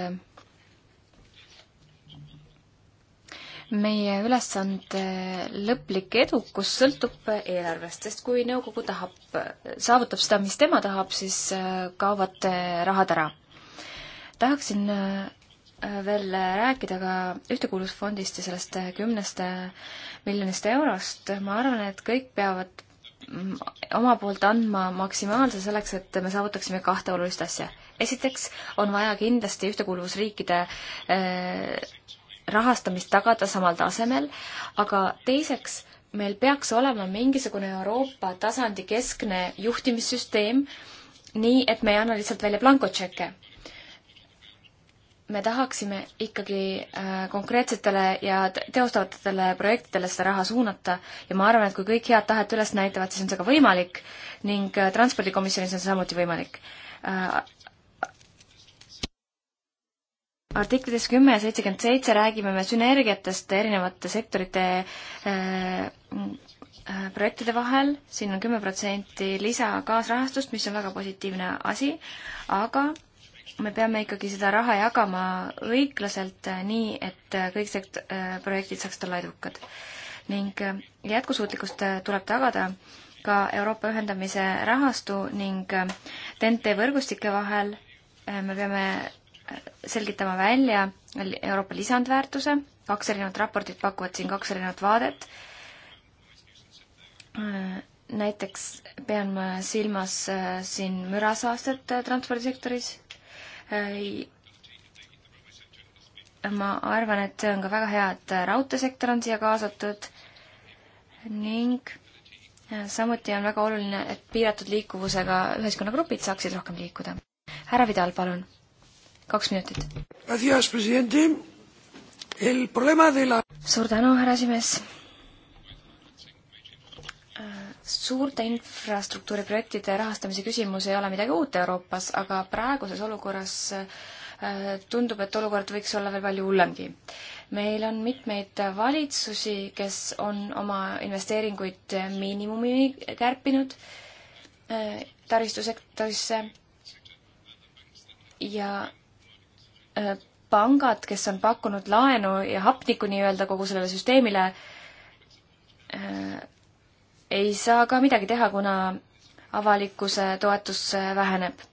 meie ülesande lõplik edukus sõltub eelarvest, sest kui nõukogu tahab, saavutab seda, mis tema tahab, siis äh, kaovad äh, rahad ära. tahaksin äh, veel rääkida ka Ühtekuuluvusfondist ja sellest kümnest miljonist eurost, ma arvan, et kõik peavad mm, oma poolt andma maksimaalse selleks, et me saavutaksime kahte olulist asja. esiteks on vaja kindlasti ühtekuuluvusriikide rahastamist tagada samal tasemel, aga teiseks, meil peaks olema mingisugune Euroopa tasandi keskne juhtimissüsteem, nii et me ei anna lihtsalt välja blankotšekke. me tahaksime ikkagi äh, konkreetsetele ja teostavatele projektidele seda raha suunata ja ma arvan, et kui kõik head tahet üles näitavad, siis on see ka võimalik ning äh, Transpordikomisjonis on see samuti võimalik äh, artiklites kümme ja seitsekümmend seitse räägime me sünergiatest erinevate sektorite äh, äh, projektide vahel, siin on kümme protsenti lisa kaasrahastust, mis on väga positiivne asi, aga me peame ikkagi seda raha jagama õiglaselt, äh, nii et äh, kõik sekt-, projektid saaksid olla edukad. ning jätkusuutlikkust tuleb tagada ka Euroopa ühendamise rahastu ning TNT võrgustike vahel me peame selgitama välja Euroopa lisandväärtuse, kaks erinevat raportit pakuvad siin kaks erinevat vaadet. näiteks pean ma silmas äh, siin mürasaastet äh, transpordisektoris. Äh, ma arvan, et see on ka väga hea, et raudteesektor on siia kaasatud ning samuti on väga oluline, et piiratud liikuvusega ühiskonnagrupid saaksid rohkem liikuda. härra Vidal, palun kaks minutit. suur tänu, härra esimees. Äh, suurte infrastruktuuriprojektide rahastamise küsimus ei ole midagi uut Euroopas, aga praeguses olukorras äh, tundub, et olukord võiks olla veel palju hullemgi. meil on mitmeid valitsusi, kes on oma investeeringuid miinimumini kärpinud äh, taristusektorisse ja Äh, pangad, kes on pakkunud laenu ja hapnikku nii-öelda kogu sellele süsteemile, äh, ei saa ka midagi teha, kuna avalikkuse toetus äh, väheneb.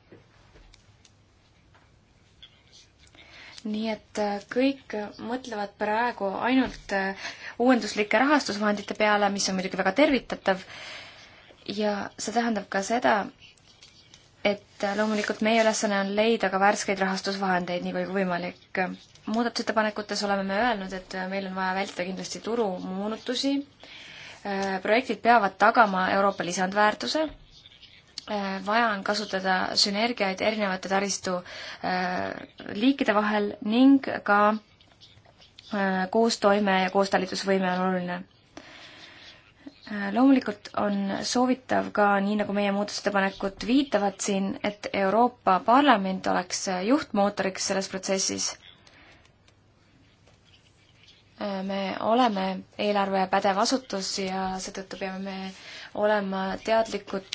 nii et kõik mõtlevad praegu ainult uuenduslike rahastusvahendite peale, mis on muidugi väga tervitatav, ja see tähendab ka seda, et loomulikult meie ülesanne on leida ka värskeid rahastusvahendeid nii kui võimalik. muudatusettepanekutes oleme me öelnud, et meil on vaja vältida kindlasti turumoonutusi, projektid peavad tagama Euroopa lisandväärtuse, vaja on kasutada sünergiaid erinevate taristu äh, liikide vahel ning ka äh, koostoime ja koostalitusvõime on oluline Äh, loomulikult on soovitav ka, nii nagu meie muudatusettepanekud viitavad siin, et Euroopa Parlament oleks äh, juhtmootoriks selles protsessis. Äh, me oleme eelarve pädev asutus ja seetõttu peame me olema teadlikud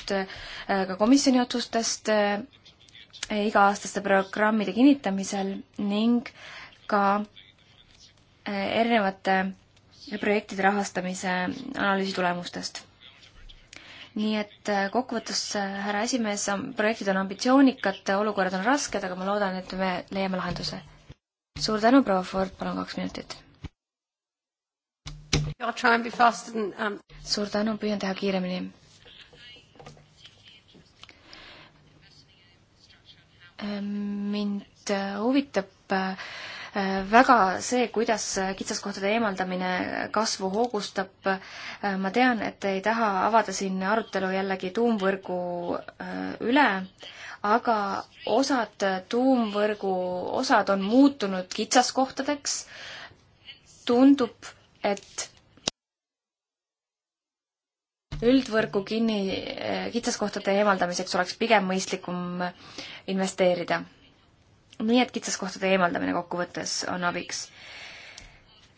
ka komisjoni otsustest iga-aastaste programmide kinnitamisel ning ka erinevate projektide rahastamise analüüsi tulemustest. nii et äh, kokkuvõttes, äh, härra esimees, projektid on ambitsioonikad, äh, olukorrad on rasked, aga ma loodan, et me leiame lahenduse. suur tänu, proua Ford, palun kaks minutit. Um... suur tänu, püüan teha kiiremini mind huvitab Äh, väga see, kuidas äh, kitsaskohtade eemaldamine kasvu hoogustab. Äh, ma tean, et ei taha avada siin arutelu jällegi tuumvõrgu üle, aga osad tuumvõrgu osad on muutunud kitsaskohtadeks. tundub, et üldvõrgu kinni, kitsaskohtade eemaldamiseks oleks pigem mõistlikum investeerida nii et kitsaskohtade eemaldamine kokkuvõttes on abiks.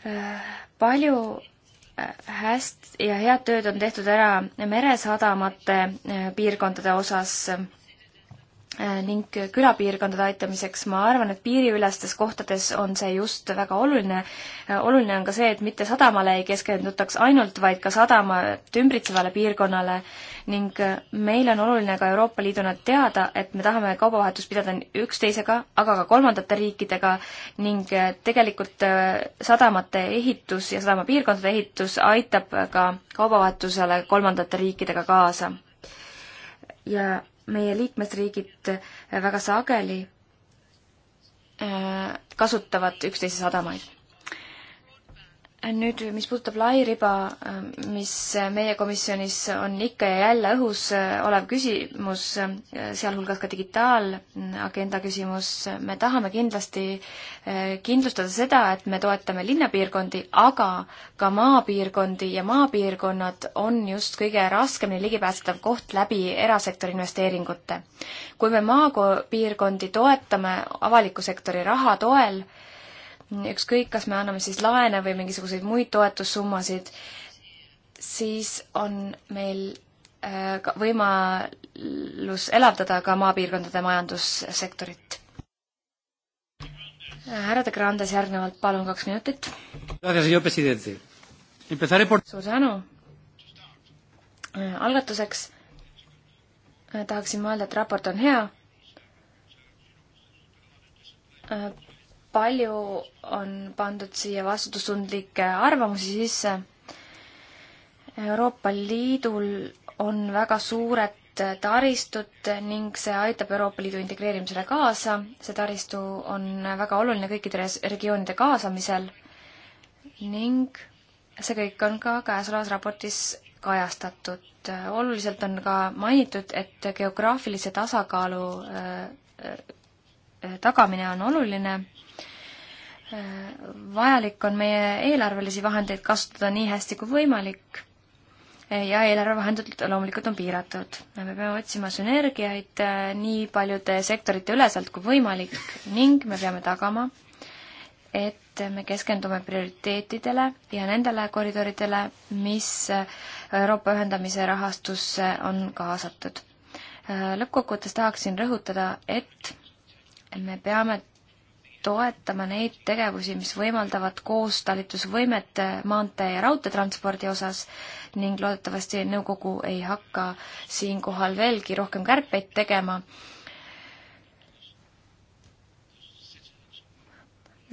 Äh, palju äh, hästi ja head tööd on tehtud ära meresadamate äh, piirkondade osas Äh, ning külapiirkondade aitamiseks ma arvan, et piiriülestes kohtades on see just väga oluline. Äh, oluline on ka see, et mitte sadamale ei keskendutaks ainult, vaid ka sadamat ümbritsevale piirkonnale ning äh, meil on oluline ka Euroopa Liiduna teada, et me tahame kaubavahetust pidada üksteisega, aga ka kolmandate riikidega ning tegelikult sadamate ehitus ja sadamapiirkondade ehitus aitab ka kaubavahetusele kolmandate riikidega kaasa. ja meie liikmesriigid väga sageli äh, kasutavad üksteise sadamaid nüüd, mis puudutab lairiba, mis meie komisjonis on ikka ja jälle õhus äh, olev küsimus, äh, sealhulgas ka digitaalagenda küsimus, me tahame kindlasti äh, kindlustada seda, et me toetame linnapiirkondi, aga ka maapiirkondi ja maapiirkonnad on just kõige raskemini ligipääsetav koht läbi erasektori investeeringute. kui me maapiirkondi toetame avaliku sektori raha toel, ükskõik, kas me anname siis laene või mingisuguseid muid toetussummasid, siis on meil äh, võimalus elavdada ka maapiirkondade majandussektorit. härra De Grandes järgnevalt, palun kaks minutit. suur tänu. Äh, algatuseks äh, tahaksin mõelda, et raport on hea palju on pandud siia vastutustundlikke arvamusi sisse. Euroopa Liidul on väga suured taristut ning see aitab Euroopa Liidu integreerimisele kaasa. see taristu on väga oluline kõikide regioonide kaasamisel ning see kõik on ka käesolevas raportis kajastatud. oluliselt on ka mainitud, et geograafilise tasakaalu äh, äh, tagamine on oluline vajalik on meie eelarvelisi vahendeid kasutada nii hästi kui võimalik ja eelarvevahendid loomulikult on piiratud. me peame otsima sünergiaid äh, nii paljude sektorite üleselt kui võimalik ning me peame tagama, et me keskendume prioriteetidele ja nendele koridoridele, mis äh, Euroopa ühendamise rahastusse on kaasatud. Äh, lõppkokkuvõttes tahaksin rõhutada, et me peame toetama neid tegevusi, mis võimaldavad koostalitusvõimet maantee- ja raudteetranspordi osas ning loodetavasti nõukogu ei hakka siinkohal veelgi rohkem kärpeid tegema.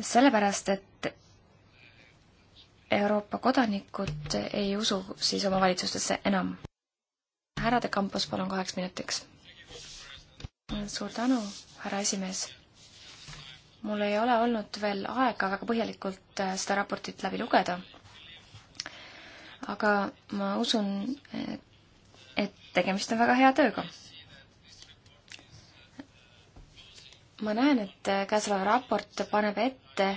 sellepärast, et Euroopa kodanikud ei usu siis oma valitsustesse enam. härra De Campos, palun kaheks minutiks. suur tänu, härra esimees mul ei ole olnud veel aega väga põhjalikult äh, seda raportit läbi lugeda, aga ma usun, äh, et tegemist on väga hea tööga. ma näen, et äh, käesolev raport paneb ette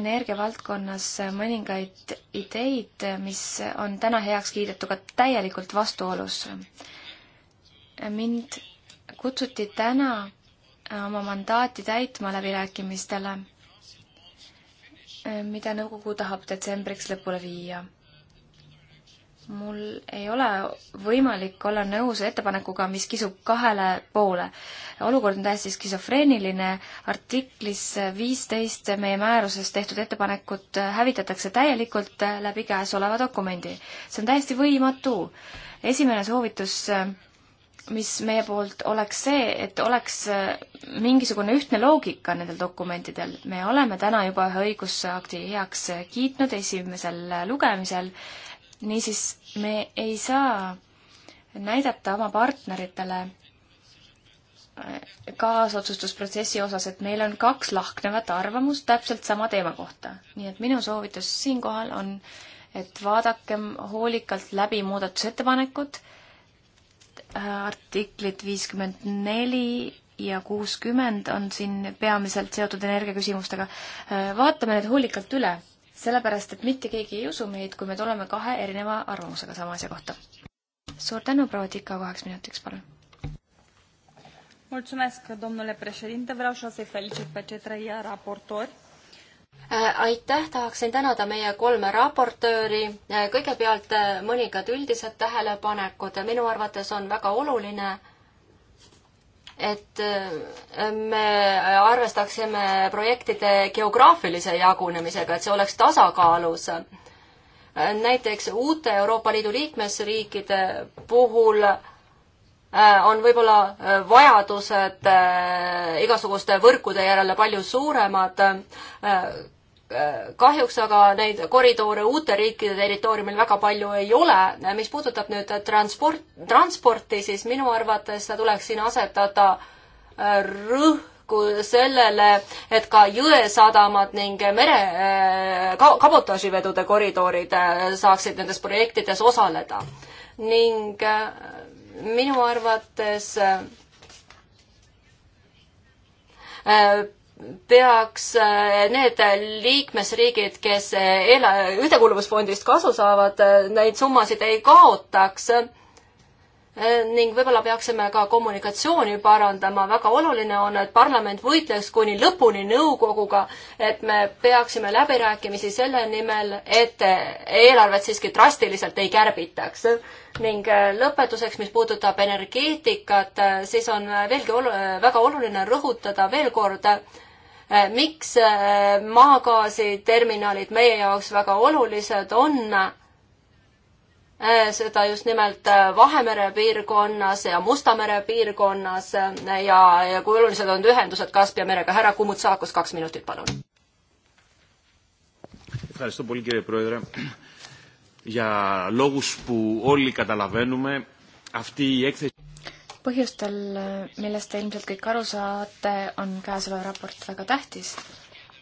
energiavaldkonnas mõningaid ideid, mis on täna heaks kiidetuga täielikult vastuolus. mind kutsuti täna oma mandaati täitma läbirääkimistele, eh, mida nõukogu tahab detsembriks lõpule viia. mul ei ole võimalik olla nõus ettepanekuga, mis kisub kahele poole. olukord on täiesti skisofreeniline, artiklis viisteist meie määruses tehtud ettepanekut hävitatakse täielikult läbi käesoleva dokumendi. see on täiesti võimatu. esimene soovitus eh, mis meie poolt oleks see, et oleks äh, mingisugune ühtne loogika nendel dokumentidel. me oleme täna juba ühe õigusakti heaks äh, kiitnud esimesel äh, lugemisel, niisiis me ei saa näidata oma partneritele kaasotsustusprotsessi osas, et meil on kaks lahknevat arvamust täpselt sama teema kohta. nii et minu soovitus siinkohal on, et vaadakem hoolikalt läbi muudatusettepanekud äh, Äh, artiklid viiskümmend neli ja kuuskümmend on siin peamiselt seotud energiaküsimustega. Äh, vaatame need hoolikalt üle, sellepärast et mitte keegi ei usu meid, kui me tuleme kahe erineva arvamusega sama asja kohta. suur tänu, proua Tika, kaheks minutiks, palun. Mulțumesc, domnule președinte. Vreau și eu să-i felicit pe cei trei raportori. Äh, aitäh, tahaksin tänada meie kolme raportööri. Äh, kõigepealt äh, mõningad üldised tähelepanekud. minu arvates on väga oluline, et me arvestaksime projektide geograafilise jagunemisega, et see oleks tasakaalus. näiteks uute Euroopa Liidu liikmesriikide puhul Äh, on võib-olla äh, vajadused äh, igasuguste võrkude järele palju suuremad. kahjuks aga neid koridore uute riikide territooriumil väga palju ei ole. mis puudutab nüüd transport, transporti, siis minu arvates tuleks siin asetada rõhku sellele, et ka jõesadamad ning mere ka, kabotaaživedude koridorid saaksid nendes projektides osaleda ning minu arvates äh, peaks äh, need liikmesriigid, kes ühtekuuluvusfondist kasu saavad, äh, neid summasid ei kaotaks Äh, ning võib-olla peaksime ka kommunikatsiooni parandama, väga oluline on, et parlament võitleks kuni lõpuni nõukoguga, et me peaksime läbirääkimisi selle nimel, et eelarvet siiski drastiliselt ei kärbitaks. ning äh, lõpetuseks, mis puudutab energeetikat, äh, siis on veelgi olu-, väga oluline rõhutada veel kord, miks maagaasiterminalid meie jaoks väga olulised on Äh, seda just nimelt äh, Vahemere piirkonnas ja Musta mere piirkonnas äh, ja, ja kui olulised on ühendused Kaspia merega. härra Kumutsakos, kaks minutit, palun. Ευχαριστώ πολύ κύριε Πρόεδρε. Για λόγους που όλοι καταλαβαίνουμε, αυτή η έκθεση... Põhjustel, millest te ilmselt kõik aru saate, on käesolev raport väga tähtis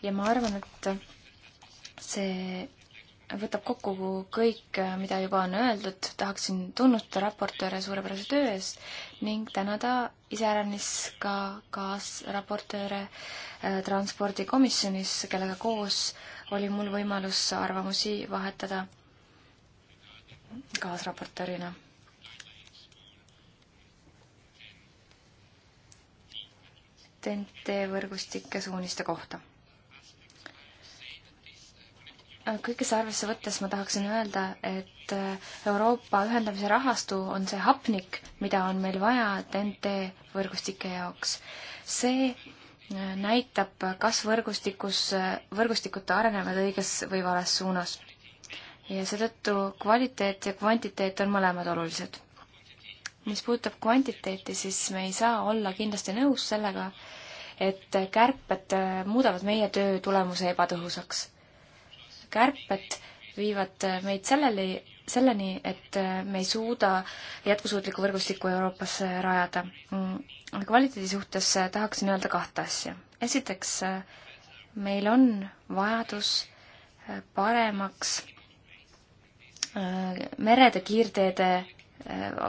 ja ma arvan, et see võtab kokku kõik, äh, mida juba on öeldud, tahaksin tunnustada raportööre suurepärase töö eest ning tänada iseäranis ka kaasraportööre äh, transpordikomisjonis, kellega koos oli mul võimalus arvamusi vahetada kaasraportöörina TNT võrgustike suuniste kohta. Äh, kõike see arvesse võttes ma tahaksin öelda, et äh, Euroopa ühendamise rahastu on see hapnik, mida on meil vaja TNT võrgustike jaoks. see äh, näitab, kas võrgustikus, võrgustikud arenevad õiges või vales suunas. ja seetõttu kvaliteet ja kvantiteet on mõlemad olulised. mis puudutab kvantiteeti, siis me ei saa olla kindlasti nõus sellega, et kärped muudavad meie töö tulemuse ebatõhusaks kärped viivad meid selleni, selleni, et me ei suuda jätkusuutlikku võrgustikku Euroopas rajada. Mm, kvaliteedi suhtes tahaksin öelda kahte asja. esiteks, meil on vajadus paremaks äh, merede kiirteede äh,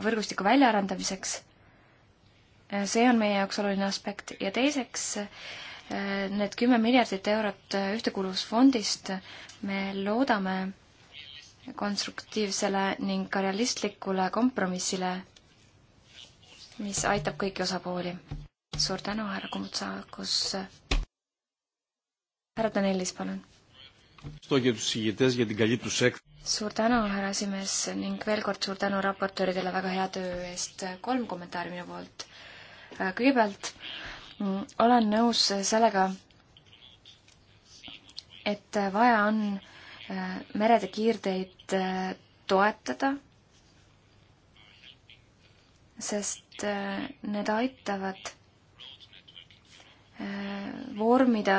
võrgustiku väljaarendamiseks. Äh, see on meie jaoks oluline aspekt ja teiseks äh, need kümme miljardit eurot ühtekuuluvusfondist me loodame konstruktiivsele ning ka realistlikule kompromissile, mis aitab kõiki osapooli. suur tänu, härra Kumutsakus. härra Danelis, palun. suur tänu, härra esimees ning veel kord suur tänu raportööridele väga hea töö eest. kolm kommentaari minu poolt. kõigepealt äh, olen nõus sellega, et vaja on äh, merede kiirteid äh, toetada, sest äh, need aitavad vormida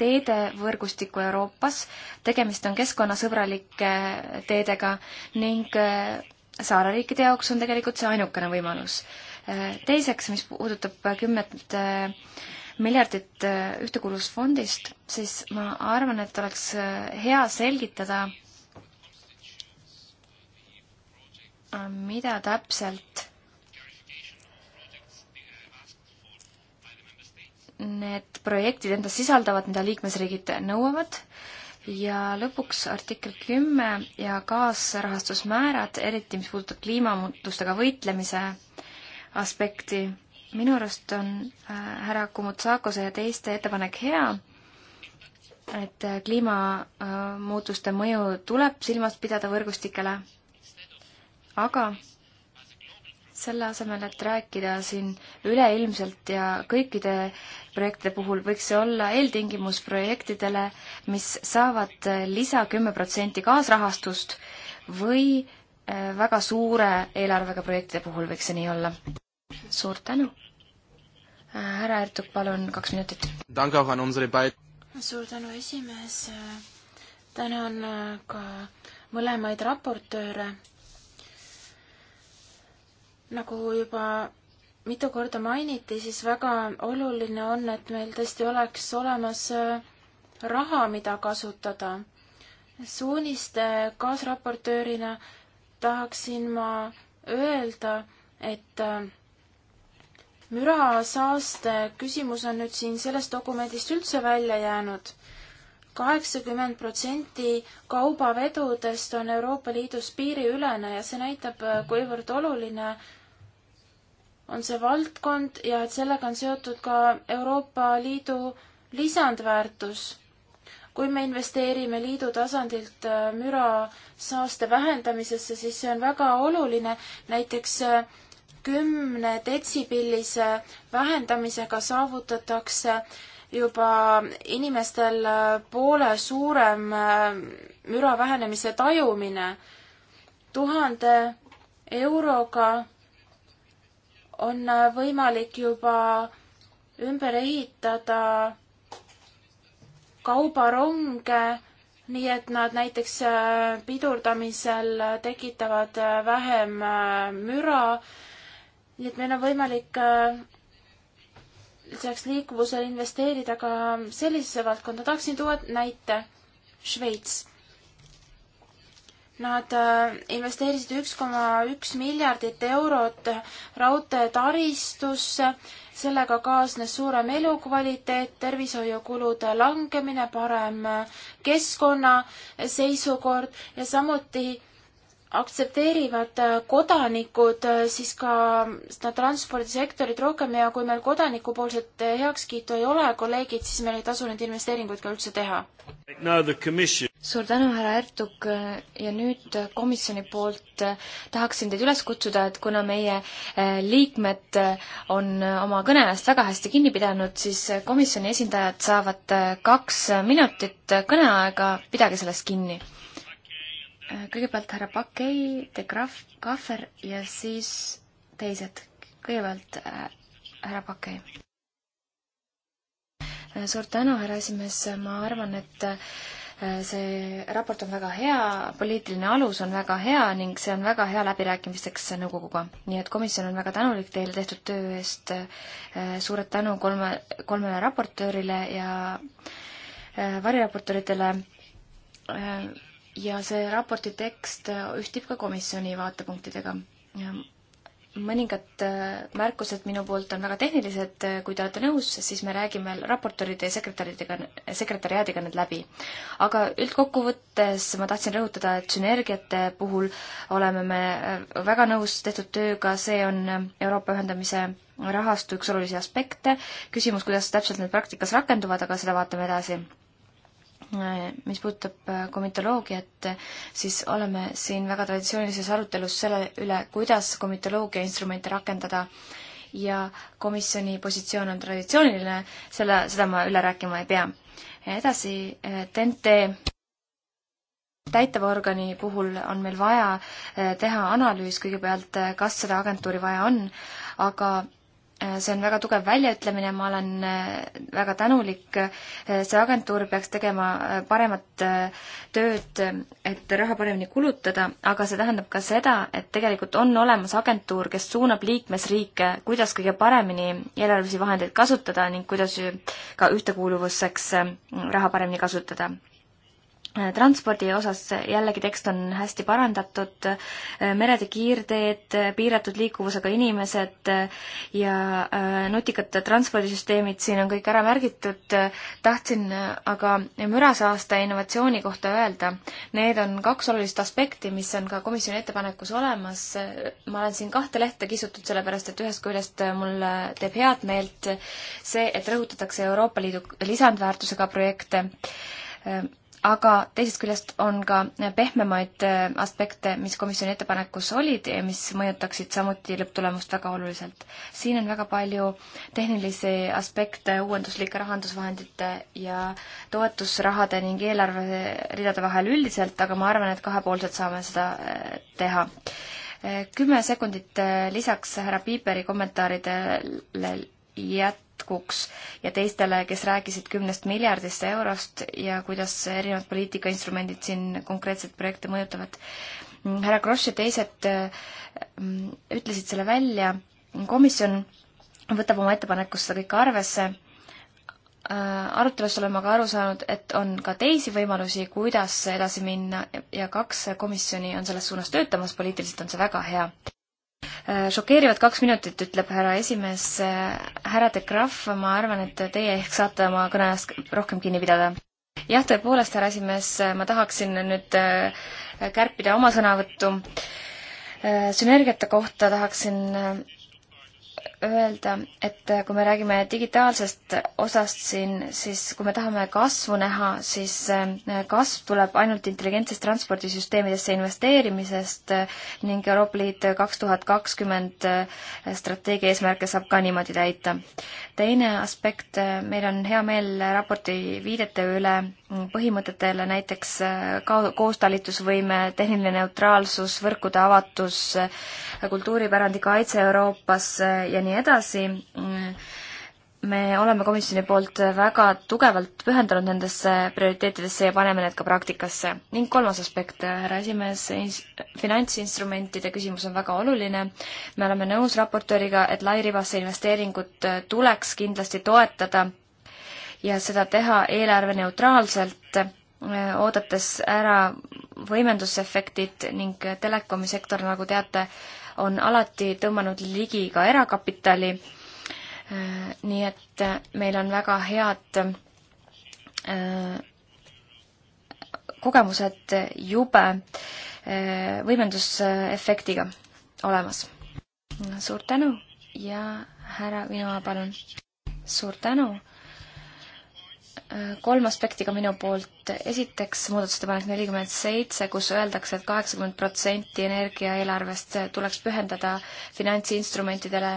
teedevõrgustiku Euroopas, tegemist on keskkonnasõbralike teedega ning saareriikide jaoks on tegelikult see ainukene võimalus teiseks, mis puudutab kümmet äh, miljardit äh, ühtekuuluvusfondist, siis ma arvan, et oleks äh, hea selgitada, mida täpselt need projektid endas sisaldavad, mida liikmesriigid nõuavad ja lõpuks artikkel kümme ja kaasrahastusmäärad, eriti mis puudutab kliimamuutustega võitlemise aspekti. minu arust on äh, härra Kumutsakose ja teiste ettepanek hea, et äh, kliimamuutuste mõju tuleb silmas pidada võrgustikele, aga selle asemel, et rääkida siin üleilmselt ja kõikide projektide puhul, võiks see olla eeltingimus projektidele, mis saavad äh, lisa kümme protsenti kaasrahastust või väga suure eelarvega projektide puhul võiks see nii olla suur tänu. härra Ertug, palun kaks minutit. suur tänu, esimees. tänan äh, ka mõlemaid raportööre. nagu juba mitu korda mainiti, siis väga oluline on, et meil tõesti oleks olemas äh, raha, mida kasutada. suuniste kaasraportöörina tahaksin ma öelda, et äh, mürasaaste küsimus on nüüd siin sellest dokumendist üldse välja jäänud. kaheksakümmend protsenti kaubavedudest on Euroopa Liidus piiriülene ja see näitab, kuivõrd oluline on see valdkond ja et sellega on seotud ka Euroopa Liidu lisandväärtus. kui me investeerime liidu tasandilt äh, müra saaste vähendamisesse, siis see on väga oluline. näiteks äh, kümne detsibillise vähendamisega saavutatakse juba inimestel poole suurem äh, müra vähenemise tajumine. tuhande euroga on äh, võimalik juba ümber ehitada kaubaronge, nii et nad näiteks äh, pidurdamisel tekitavad vähem müra nii et meil on võimalik äh, lisaks liikuvusele investeerida ka sellisesse valdkonda. tahaksin tuua näite. Šveits. Nad äh, investeerisid üks koma üks miljardit eurot raudteetaristusse, sellega kaasnes suurem elukvaliteet, tervishoiukulude langemine, parem äh, keskkonna seisukord ja samuti aktsepteerivad äh, kodanikud äh, siis ka seda transpordisektorit rohkem ja kui meil kodanikupoolset äh, heakskiitu ei ole, kolleegid, siis meil ei tasu neid investeeringuid ka üldse teha. suur tänu, härra Ertug ja nüüd komisjoni poolt tahaksin teid üles kutsuda, et kuna meie liikmed on oma kõne eest väga hästi kinni pidanud, siis komisjoni esindajad saavad kaks minutit kõneaega, pidage sellest kinni kõigepealt härra Pakei, De Graaf, Kahver ja siis teised. kõigepealt äh, härra Pakei. Äh, suur tänu, härra esimees, ma arvan, et äh, see raport on väga hea, poliitiline alus on väga hea ning see on väga hea läbirääkimisteks nõukoguga. nii et komisjon on väga tänulik teile tehtud töö eest, suured tänu kolme, kolmele raportöörile ja variraportööridele ja see raporti tekst ühtib ka komisjoni vaatepunktidega. mõningad äh, märkused minu poolt on väga tehnilised, äh, kui te olete nõus, siis me räägime raportoride ja sekretäridega, sekretäriaadiga need läbi. aga üldkokkuvõttes ma tahtsin rõhutada, et sünergiate puhul oleme me äh, väga nõus tehtud tööga, see on Euroopa ühendamise rahastu üks olulisi aspekte, küsimus, kuidas täpselt need praktikas rakenduvad, aga seda vaatame edasi mis puudutab äh, komitoloogiat, siis oleme siin väga traditsioonilises arutelus selle üle, kuidas komitoloogia instrumente rakendada ja komisjoni positsioon on traditsiooniline, selle, seda ma üle rääkima ei pea. edasi, äh, TNT täiteva organi puhul on meil vaja äh, teha analüüs kõigepealt, kas seda agentuuri vaja on, aga Äh, see on väga tugev väljaütlemine, ma olen äh, väga tänulik. Äh, see agentuur peaks tegema paremat tööd, et raha paremini kulutada, aga see tähendab ka seda, et tegelikult on olemas agentuur, kes suunab liikmesriike, kuidas kõige paremini eelarvelisi vahendeid kasutada ning kuidas ka ühtekuuluvuseks raha paremini kasutada Äh, transpordi osas jällegi tekst on hästi parandatud, äh, mered ja kiirteed, äh, piiratud liikuvusega inimesed ja nutikad transpordisüsteemid, siin on kõik ära märgitud. tahtsin aga mürasaaste innovatsiooni kohta öelda. Need on kaks olulist aspekti, mis on ka komisjoni ettepanekus olemas. ma olen siin kahte lehte kisutud, sellepärast et ühest küljest mul teeb head meelt see, et rõhutatakse Euroopa Liidu lisandväärtusega projekte aga teisest küljest on ka pehmemaid äh, aspekte, mis komisjoni ettepanekus olid ja mis mõjutaksid samuti lõpptulemust väga oluliselt. siin on väga palju tehnilisi aspekte uuenduslike rahandusvahendite ja toetusrahade ning eelarveridade vahel üldiselt, aga ma arvan, et kahepoolselt saame seda äh, teha. Äh, kümme sekundit lisaks härra Piiperi kommentaaridele jät-, jätkuks ja teistele, kes rääkisid kümnest miljardist eurost ja kuidas erinevad poliitikainstrumendid siin konkreetseid projekte mõjutavad. härra Kross ja teised mm, ütlesid selle välja, komisjon võtab oma ettepanekus seda kõike arvesse, äh, arutelust olen ma ka aru saanud, et on ka teisi võimalusi, kuidas edasi minna ja kaks komisjoni on selles suunas töötamas, poliitiliselt on see väga hea Äh, šokeerivad kaks minutit, ütleb härra esimees. Äh, härra De Graaf, ma arvan, et teie ehk saate oma kõneajast rohkem kinni pidada. jah, tõepoolest, härra esimees, äh, ma tahaksin nüüd kärpida oma sõnavõttu. sünergiate kohta tahaksin öelda, et kui me räägime digitaalsest osast siin, siis kui me tahame kasvu näha, siis äh, kasv tuleb ainult intelligentsest transpordisüsteemidesse investeerimisest äh, ning Euroopa Liit kaks tuhat kakskümmend äh, strateegia eesmärke saab ka niimoodi täita. teine aspekt, meil on hea meel raporti viidete üle mm, põhimõtetele, näiteks ka-, koostalitusvõime, tehniline neutraalsus, võrkude avatus, kultuuripärandi kaitse Euroopas ja nii nii edasi. me oleme komisjoni poolt väga tugevalt pühendunud nendesse prioriteetidesse ja paneme need ka praktikasse. ning kolmas aspekt, härra esimees, finantsinstrumentide küsimus on väga oluline. me oleme nõus raportööriga, et lairibasse investeeringut tuleks kindlasti toetada ja seda teha eelarveneutraalselt oodates ära võimendusefektid ning telekomi sektor, nagu teate, on alati tõmmanud ligi ka erakapitali. nii et meil on väga head äh, kogemused jube äh, võimendusefektiga olemas. suur tänu ja härra Vinoa, palun. suur tänu kolm aspekti ka minu poolt. esiteks muudatusettepanek nelikümmend seitse, kus öeldakse et, et kaheksakümmend protsenti energiaeelarvest tuleks pühendada finantsinstrumentidele.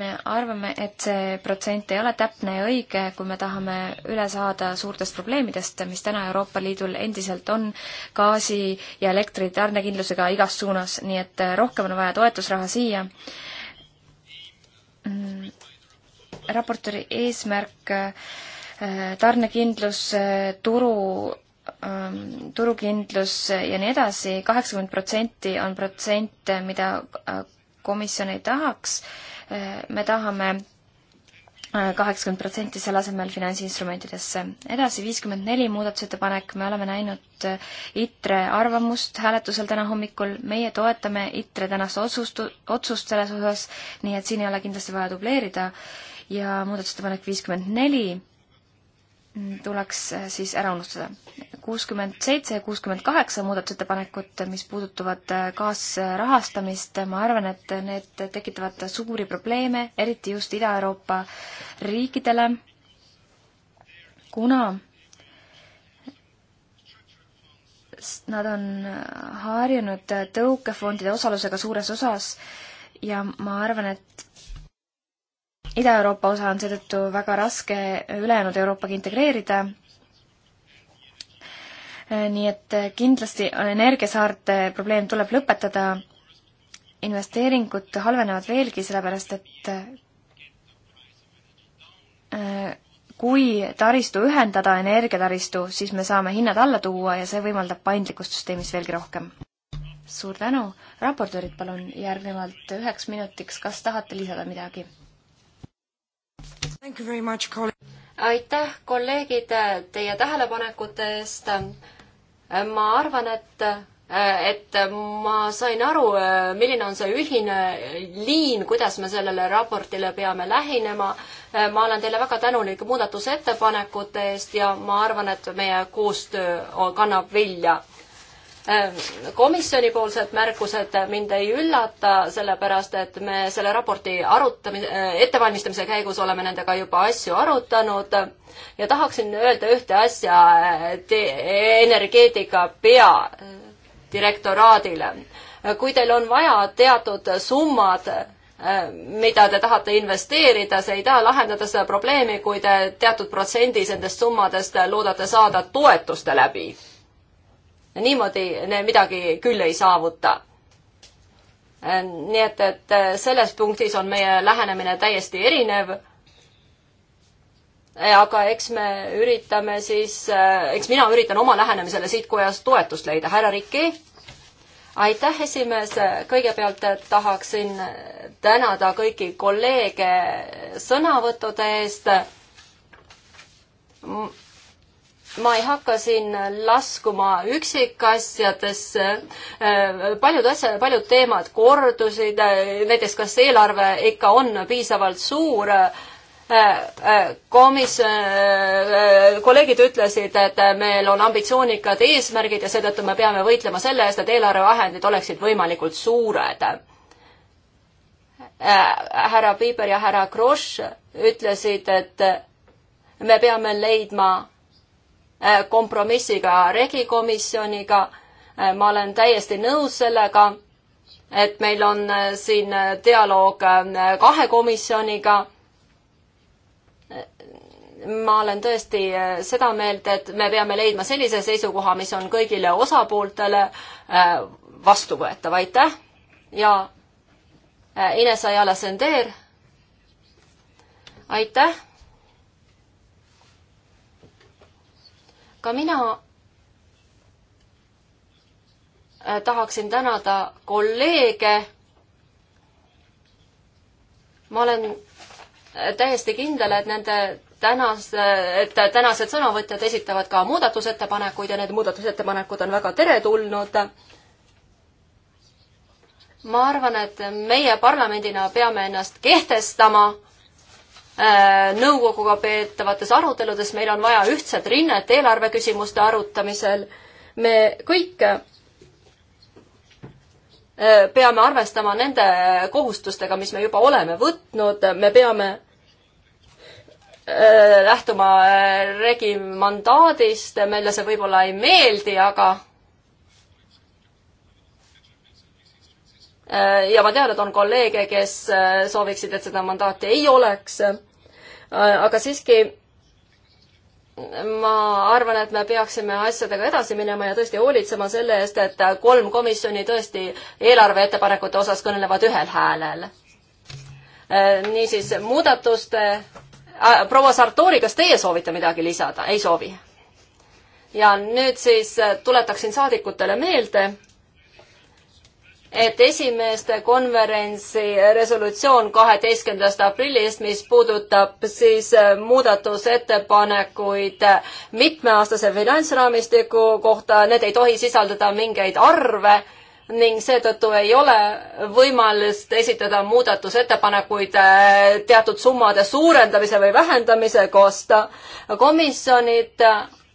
me arvame, et see protsent ei ole täpne ja õige, kui me tahame üle saada suurtest probleemidest, mis täna Euroopa Liidul endiselt on gaasi ja elektri tarnekindlusega igas suunas, nii et rohkem on vaja toetusraha siia mm, raportööri eesmärk tarnekindlus, turu, ähm, turukindlus ja nii edasi, kaheksakümmend protsenti on protsent, mida äh, komisjon ei tahaks, äh, me tahame äh, kaheksakümmend protsenti selle asemel finantsinstrumentidesse. edasi, viiskümmend neli muudatusettepanek, me oleme näinud ITRE arvamust hääletusel täna hommikul, meie toetame ITRE tänast otsust, otsust selles osas, nii et siin ei ole kindlasti vaja dubleerida, ja muudatusettepanek viiskümmend neli, tuleks äh, siis ära unustada. kuuskümmend seitse ja kuuskümmend kaheksa muudatusettepanekut, mis puudutavad äh, kaasrahastamist, ma arvan, et need tekitavad suuri probleeme, eriti just Ida-Euroopa riikidele, kuna nad on harjunud tõukefondide osalusega suures osas ja ma arvan, et Ida-Euroopa osa on seetõttu väga raske ülejäänud Euroopaga integreerida. nii et kindlasti energiasaarte probleem tuleb lõpetada. investeeringud halvenevad veelgi, sellepärast et äh, kui taristu ühendada energiataristu, siis me saame hinnad alla tuua ja see võimaldab paindlikkust süsteemis veelgi rohkem. suur tänu, raportöörid palun järgnevalt üheks minutiks, kas tahate lisada midagi? aitäh, kolleegid, teie tähelepanekute eest. ma arvan, et et ma sain aru, milline on see ühine liin, kuidas me sellele raportile peame lähenema. ma olen teile väga tänulik muudatusettepanekute eest ja ma arvan, et meie koostöö kannab vilja Äh, komisjonipoolsed märkused äh, mind ei üllata, sellepärast et me selle raporti arutamise, äh, ettevalmistamise käigus oleme nendega juba asju arutanud ja tahaksin öelda ühte asja energeetika peadirektoraadile. kui teil on vaja teatud summad, mida te tahate investeerida, see ei taha lahendada seda probleemi, kui te teatud protsendis nendest summadest loodate saada toetuste läbi niimoodi midagi küll ei saavuta. nii et, et selles punktis on meie lähenemine täiesti erinev. aga eks me üritame siis, eks mina üritan oma lähenemisele siit kojast toetust leida. härra Riki? aitäh, esimees. kõigepealt tahaksin tänada kõiki kolleege sõnavõttude eest ma ei hakka siin laskuma üksikasjadesse, paljud asjad, paljud teemad kordusid, näiteks kas eelarve ikka on piisavalt suur, komisjon, kolleegid ütlesid, et meil on ambitsioonikad eesmärgid ja seetõttu me peame võitlema selle eest, et eelarvevahendid oleksid võimalikult suured. härra Piiber ja härra Kross ütlesid, et me peame leidma Äh, kompromissiga regikomisjoniga. Äh, ma olen täiesti nõus sellega, et meil on äh, siin dialoog kahe komisjoniga. ma olen tõesti seda meelt, et me peame leidma sellise seisukoha, mis on kõigile osapooltele vastuvõetav, aitäh ja Ines Ajala-Sender, aitäh ka mina äh, tahaksin tänada kolleege. ma olen äh, täiesti kindel, et nende tänas, et tänased sõnavõtjad esitavad ka muudatusettepanekuid ja need muudatusettepanekud on väga teretulnud. ma arvan, et meie parlamendina peame ennast kehtestama Äh, nõukoguga peetavates aruteludes, meil on vaja ühtset rinnet eelarveküsimuste arutamisel. me kõik äh, peame arvestama nende kohustustega, mis me juba oleme võtnud, me peame äh, lähtuma regi mandaadist, meile see võib-olla ei meeldi, aga ja ma tean, et on kolleege, kes sooviksid, et seda mandaati ei oleks Äh, aga siiski ma arvan, et me peaksime asjadega edasi minema ja tõesti hoolitsema selle eest, et kolm komisjoni tõesti eelarveettepanekute osas kõnelevad ühel häälel. Äh, niisiis muudatuste, äh, proua Sartori, kas teie soovite midagi lisada? ei soovi? ja nüüd siis tuletaksin saadikutele meelde, et esimeeste konverentsi resolutsioon kaheteistkümnendast aprillist, mis puudutab siis äh, muudatusettepanekuid äh, mitmeaastase finantsraamistiku kohta, need ei tohi sisaldada mingeid arve ning seetõttu ei ole võimalust esitada muudatusettepanekuid äh, teatud summade suurendamise või vähendamise kohta. komisjonid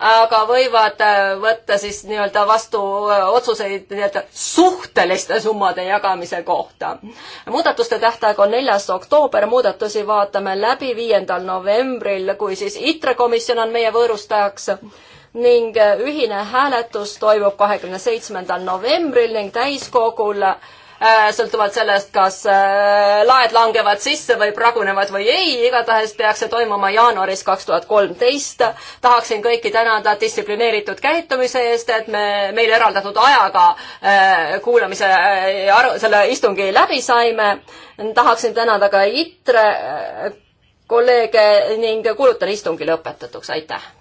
aga võivad äh, võtta siis nii-öelda vastu äh, otsuseid nii-öelda suhteliste summade jagamise kohta. muudatuste tähtaeg on neljas oktoober, muudatusi vaatame läbi viiendal novembril, kui siis ITRE komisjon on meie võõrustajaks ning äh, ühine hääletus toimub kahekümne seitsmendal novembril ning täiskogul Äh, sõltuvalt sellest, kas äh, laed langevad sisse või pragunevad või ei, igatahes peaks see toimuma jaanuaris kaks tuhat kolmteist. tahaksin kõiki tänada distsiplineeritud käitumise eest, et me meile eraldatud ajaga äh, kuulamise, selle istungi läbi saime. tahaksin tänada ka ITRE kolleege ning kuulutan istungi lõpetatuks, aitäh!